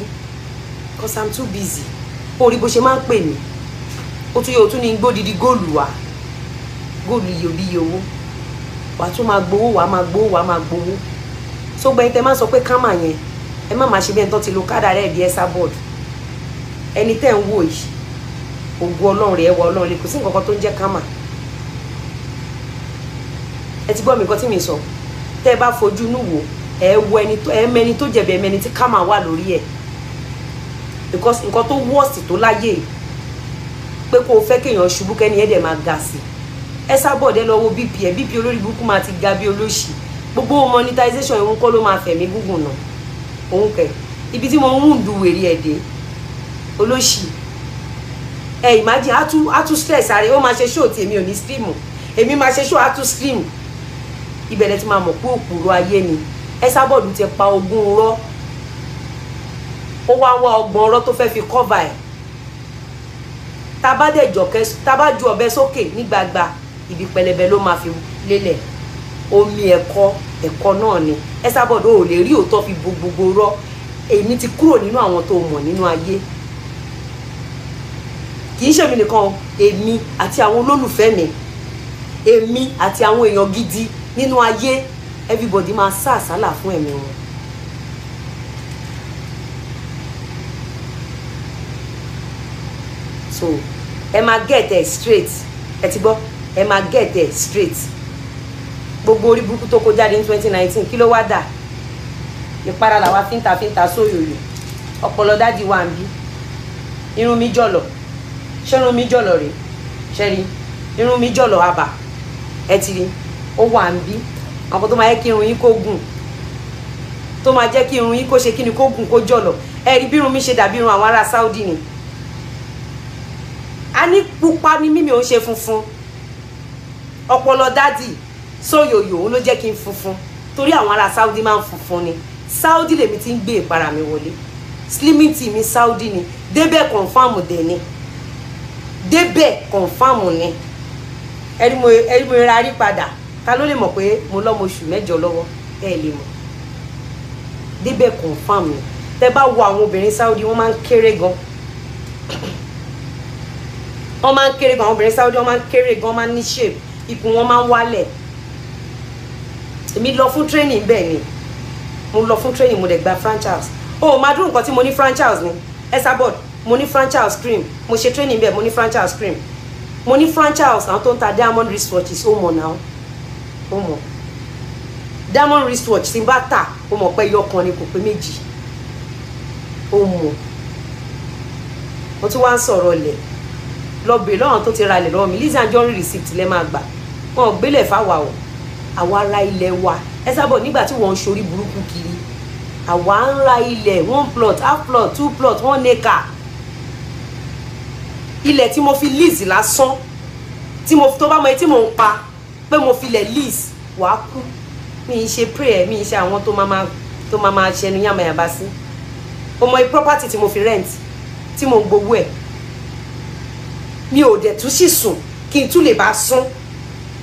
cause i'm too busy o rí bó ṣe máa ń pè mí o tún yóò tún ní gbódìdí góòlù wa góòlù iyòbíye owó wàá tún máa gbowó wàá máa gbowó wàá máa gbowó tó gbẹ̀yìn tẹ́ máa sọ pé kámà yẹn ẹ má máa ṣe bẹ́ẹ̀ tó ti lo kádà rẹ̀ bí ẹ́sà bọ́ọ̀dù ẹni tẹ́ ń wò yìí ògùn ọlọ́run rẹ̀ ẹwà ọlọ́run rẹ̀ kò sí nǹkan kan tó ń jẹ́ kámà ẹ ti gbọ́ mi nǹkan tí mi sọ tẹ́ ẹ bá fojú inú wò ẹ wo ẹni tó ẹ mẹni tó jẹ̀bi ẹ mẹni tí kámà wà lórí ẹ̀ nǹkan tó wọ́ọ̀sì tó láyè pé kó o fẹ́ kéèyàn ṣubú kẹ́ni ẹ̀ dẹ̀ máa ga sí i ẹ sábọ̀ dé lọ wo bp ẹ bp olórí burúkú máa ti ga bí olóṣì gbogbo monetization ìhun kọ́ ló máa fẹ̀mí gúngùn náà òun kẹ ibi tí mo ń hùn du wèrè ẹ̀ dé olóṣì ẹ imagine átú átú stress ààrẹ ó máa ṣe show tí èmi ò ní stream èmi máa ṣe show átú stream ìbẹ̀rẹ̀ tí máa mọ̀ pé òpùrọ̀ ayé ni ẹ sábọ̀ ló ti pa ogún rọ́ ó wá wá ọgbọ̀n ọ̀rọ̀ tó fẹ́ fi kọ́va ẹ̀ tá a bá dẹ̀ jọ̀kẹ́ tá a bá ju ibi pẹlẹbẹ ló máa fi lélẹ̀ omi ẹ̀kọ́ ẹ̀kọ́ náà ni ẹ sábọ̀dọ̀ ò lè rí òótọ́ fi bo gbogbo èmi ti kúrò nínú àwọn tó mọ̀ nínú ayé kì í ṣèmi nìkan èmi àti àwọn olólùfẹ́ mi èmi àti àwọn èèyàn gidi nínú ayé everybody máa sá àsálà fún ẹ̀mí wọn. so ẹ máa get ẹ straight ẹ ti gbọ́ ẹ máa get there straight gbogbo orí burúkú tó kó jáde ní twenty nineteen kí ló wá dà ìpara làwa fínta fínta sóyòyò ọpọlọ dáàdi wa ń bí irun mi jọlọ ṣé irun mi jọlọ rèé ṣe rí irun mi jọlọ àbà ẹ ti rí ó wà ń bí àwọn tó máa yẹ kí irun yín kó gùn tó máa jẹ́ kí irun yín kó ṣe kí ni kó gùn kó jọ̀lọ̀ ẹ̀rí bí irun mi ṣe dàbí irun àwọn ará Saudi ni a ní pupa ni mímì ò ṣe funfun ọpọlọ dádì sóyòyò ló jẹ́ kí n funfun torí àwọn ará Saudi máa ń funfun ni Saudi lèmi ti ń gbé ìpara mi wọlé slimming tea mi Saudi ni débẹ̀ confam dẹ̀ ni débẹ̀ confam ni ẹni mo ẹni mo ra rí padà ta ló lè mọ̀ pé mo lọ́mọ oṣù mẹ́jọ lọ́wọ́ ẹ lè mọ̀ débẹ̀ confam ni tẹ bá wo àwọn obìnrin Saudi wọ́n máa ń kéré gan wọ́n máa ń kéré gan àwọn obìnrin Saudi wọ́n máa ń kéré gan wọ́n máa ń ní shape ikùn wọn máa ń wálẹ̀ èmi lọ fún training bẹ́ẹ̀ ni mo lọ fún training mo dẹ̀ gba franchise o oh, máa dúró nǹkan tí mo ní franchise ni esabod mo ní franchise cream mo ṣe training bẹ́ẹ̀ mo ní franchise cream mo ní franchise àwọn tó ń ta diamond wristwatches ó mọ̀ náà ó mọ̀ diamond wristwatch tí n bá tà ó mọ̀ pé yọkan ni kò pé méjì ó mọ̀ mo tún wá ń sọ̀rọ̀ lẹ̀ lọ bèè lọ́rùn tó ti ra lẹ̀ lọ́wọ́ mi Lizzy Anjorin receipt lẹ́ máa gbà wọn ò gbélé fáwa o àwa ra ilẹ̀ wa ẹ sábọ̀ nígbà tí wọ́n ń ṣorí burúkú kiri àwa ń ra ilẹ̀ one plot half plot two plot one acre ilẹ̀ tí mo fi lease lásán tí mo tó bá mọ etí mò ń pa pé mo filẹ̀ lease wàá kú mi ń ṣe prayer mi ń ṣe àwọn tó máa máa tó máa máa ṣẹnu yàmàyàmà sí ọmọ property tí mo fi rent tí mo ń gbowó ẹ̀ mi ò dẹ̀ tún sì sùn kí n tún lè bá sún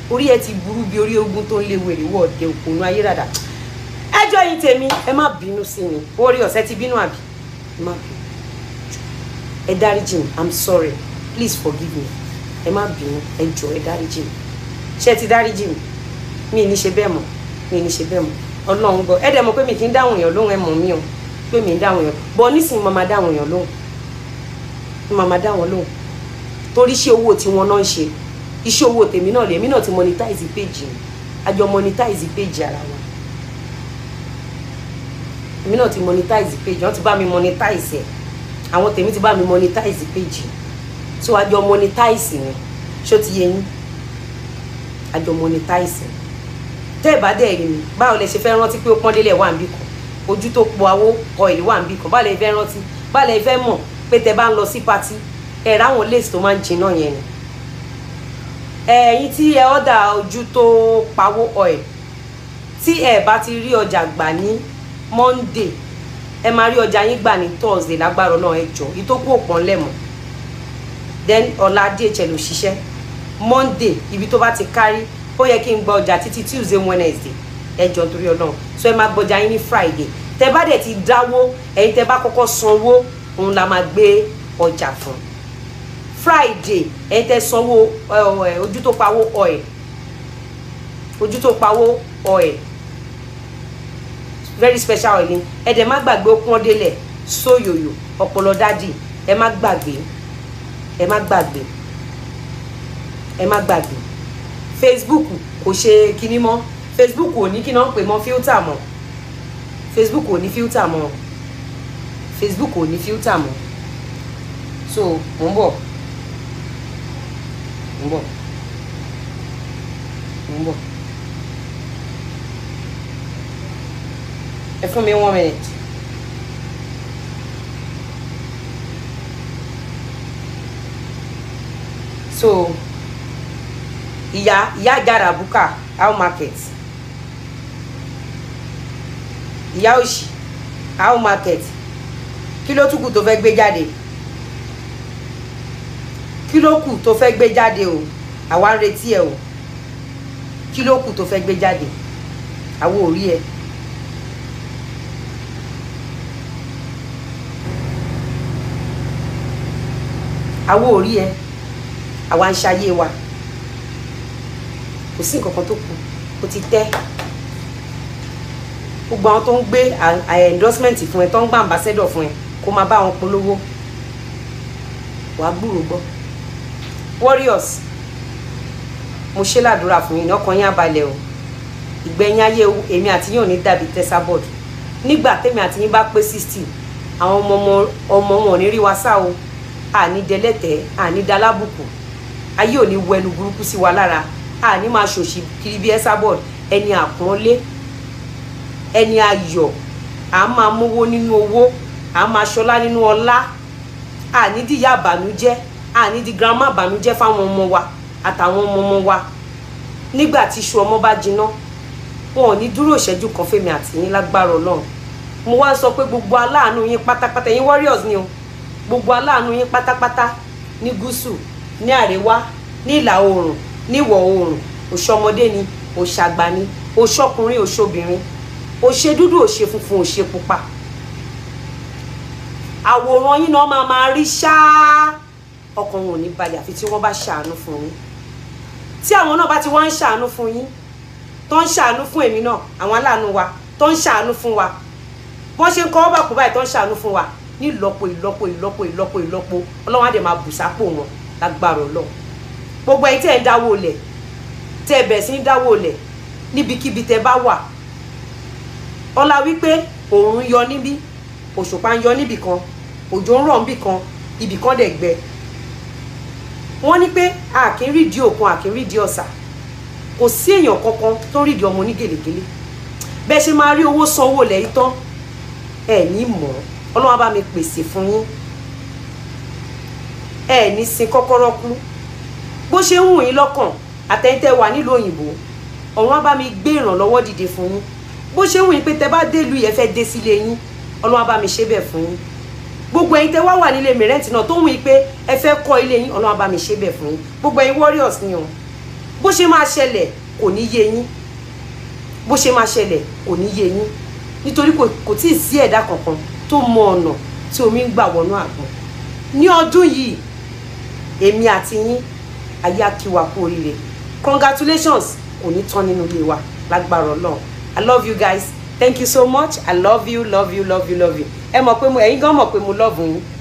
orí ẹ ti burú bí orí ogun tó ń lé wèrè wọ ọdẹ òpònú ayé ràdà ẹjọ́ yìí tèmi ẹ má bínú sí mi orí ọ̀sẹ̀ ti bínú àbí ẹ má bínú ẹ dáríjì mi i'm sorry please forgive me ẹ má bínú ẹ jọ ẹ dáríjì mi ṣé ti dáríjì mi mi ní ṣe bẹ́ẹ̀ mọ́ mi ní ṣe bẹ́ẹ̀ mọ́ ọlọ́run gbọ́ ẹ dẹ̀ mọ̀ pé mi kì í dáhùn èèyàn lóhùn ẹ mọ̀ mí o pé mi ń dáhùn èèyàn bọ́ nísìnyí màmá dáhùn èèyàn lóhùn màmá dáhùn lóhùn torí ṣé owó tí wọ́n náà ń ṣe iṣẹ́ owó tèmi náà lè èmi náà ti monetize page mi àjọ monetize page ara wa èmi náà ti monetize page wọn ti bá mi monetize ẹ àwọn tèmi ti bá mi monetize page so àjọ monetize ni ṣó ti yẹ yín àjọ monetize ni tẹ́ ẹ̀ bá dẹ̀ rí mi báwo lẹ ṣe fẹ́ rántí pé ó pọ́n délẹ̀ wà níbí kan ojú tó po awó kọ ìlú wà níbí kan báwo lẹ fẹ́ rántí báwo lẹ fẹ́ mọ̀ pé tẹ́ bá ń lọ sí patí ẹ̀ ráwọn lace tó máa ń jiná yẹn ni ẹ̀yin tí ẹ ọ́dà ojú tó pawó oil tí ẹ bá ti rí ọjà gbà ní Monday ẹ máa rí ọjà yín gbà ní Thursday lágbára náà ẹ jọ ìtókù òpọn lẹ́mọ̀ then ọ̀la DHL òṣìṣẹ́ Monday ibi tó bá ti kárí ó yẹ kí n gba ọjà títí Tuesday Wednesday ẹ jọ torí Ọlọ́run so ẹ máa gbọjà yín ní Friday tẹ bá dẹ̀ ti dáwó ẹ̀yin tẹ bá kọ́kọ́ sanwó òun la máa gbé ọjà fún un friday ẹ tẹ sanwó ojú tó pawó oil ojú tó pawó oil very special oil ni ẹ dẹ̀ má gbàgbé okun ọdẹlẹ̀ sóyòyò ọpọlọ dádì ẹ má gbàgbé ẹ má gbàgbé ẹ má gbàgbé facebook kò ṣe kinní mọ́ facebook ò ní kíná pè mọ́ filter mọ́ facebook ò ní filter mọ́ facebook ò ní filter mọ́ so mò ń bọ̀ ń bọ̀ ń bọ̀ ẹ fún mi one minute. so ìyá ìyá ìjára búkà how market ìyá òṣì how market kilo ló tún kù tó fẹ́ kí ló kù tó fẹ́ gbé jáde o àwa ń retí ẹ o kí ló kù tó fẹ́ gbé jáde àwa ò rí ẹ. àwa ò rí ẹ àwa ń ṣayé wa kò sí nǹkan tó kù kò ti tẹ́ gbogbo àwọn tó ń gbé endorsement fún ẹ tó ń gba ambassador fún ẹ kó máa bá wọn polówó wàá gbúrò gbọ́ warriors mo ṣe ládùúrà fún yín ọkàn yín á balẹ̀ o ìgbẹ̀yìn ayé èmi àti yín ò ní dàbí tẹ́sàbọ̀d nígbà tẹ́mi àti yín bá pé sixty àwọn ọmọ ọmọ wọn ò ní rí wa sá o àní dẹlẹ́tẹ̀ẹ́ àní dalábùkù ayé ò ní wọ ẹnu burúkú sí wa lára àní máa ṣòṣì kiri bí ẹ́sàbọ̀d ẹni àpọ́nlé ẹni ayọ̀ à máa mówó nínú owó à máa ṣọlá nínú ọlá àní dìyà àbànújẹ́ àní di grandma bànújẹ́ fáwọn ọmọ wa àtàwọn ọmọ ọmọ wa nígbà tí iṣu ọmọ bá jiná wọn ò ní dúró ìṣẹ́jú kan fèmí àtìyín lágbára ọlọ́run mo wá sọ pé gbogbo aláàánú yín pátápátá yín warriors ni o gbogbo aláàánú yín pátápátá ní gúúsù ní àríwá ní ìlà oòrùn ní ìwọ̀ oòrùn òṣọmọdé ni òṣàgbà ni òṣọkùnrin òṣobìnrin òṣe dúdú òṣe funfun òṣe pupa àwòrán yín náà máa máa rí ṣáá ọkàn wọn ò ní balẹ̀ àfi tí wọ́n bá ṣàánú fún yín tí àwọn náà bá ti wá ń ṣàánú fún yín tó ń ṣàánú fún èmi náà àwọn aláàánú wa tó ń ṣàánú fún wa bọ́n ṣe ń kọ́ ọ́bàkú báyìí tó ń ṣàánú fún wa ní ìlọ́po ìlọ́po ìlọ́po ìlọ́po ìlọ́po ọlọ́run á dẹ̀ máa bù sápò wọn lágbára ọlọ́run gbogbo ẹ̀yin tẹ́ ẹ̀ ń dáwó lẹ̀ tẹ́ ẹ bẹ̀rẹ̀ sí ń dáwó lẹ̀ níbikíbi tẹ́ bá wà ọlá wípé òòrùn yọ níbí òṣùpá ń yọ níbì òjò ń rọ̀ níbì kan dẹ̀ gbẹ wọ́n ní pé àkínrídìí òkun àkínrídìí ọ̀sà kò sí èèyàn kankan tó rídìí ọmọ ní gèlègèlè bẹ́ẹ̀ ṣe máa rí owó sanwó lẹ́yìn tán ẹ̀ ní mọ̀ ọlọ́wọ́n bá mi pèsè fún yín ẹ̀ ní sin kọ́kọ́rọ́ kú bó ṣe ń wù yín lọ́kàn àtẹ̀yìntẹ̀ wà nílùú òyìnbó ọ̀run á bá mi gbé ìrànlọ́wọ́ dìde fún yín bó ṣe ń wù yín pé tẹ bá dé ìlú yẹn fẹ́ dé sílé yín ọlọ́wọ́n á bá mi ṣe bẹ́ẹ̀ fún yín gbogbo ẹ̀yin tẹ́ wá wà nílé mi rẹ́ǹtì náà tó ń wí pé ẹ fẹ́ kọ́ ilé yín ọlọ́run abàmì ṣe bẹ̀ fún yín gbogbo ẹ̀yin warriors ni o bó ṣe máa ṣẹlẹ̀ kò ní yé yín bó ṣe máa ṣẹlẹ̀ kò ní yé yín nítorí kò tí ì sí ẹ̀dá kankan tó mọ ọ̀nà tí omi ń gbà wọnú àgbọn ní ọdún yìí èmi àti yín ayé akíwa kú oríire congratulations kò ní tán nínú ilé wa lágbára Ọlọ́run I love you guys thank you so much i love you love you love you love you ẹ mọ̀ pé mo ẹ̀yin gan mọ̀ pé mo love you.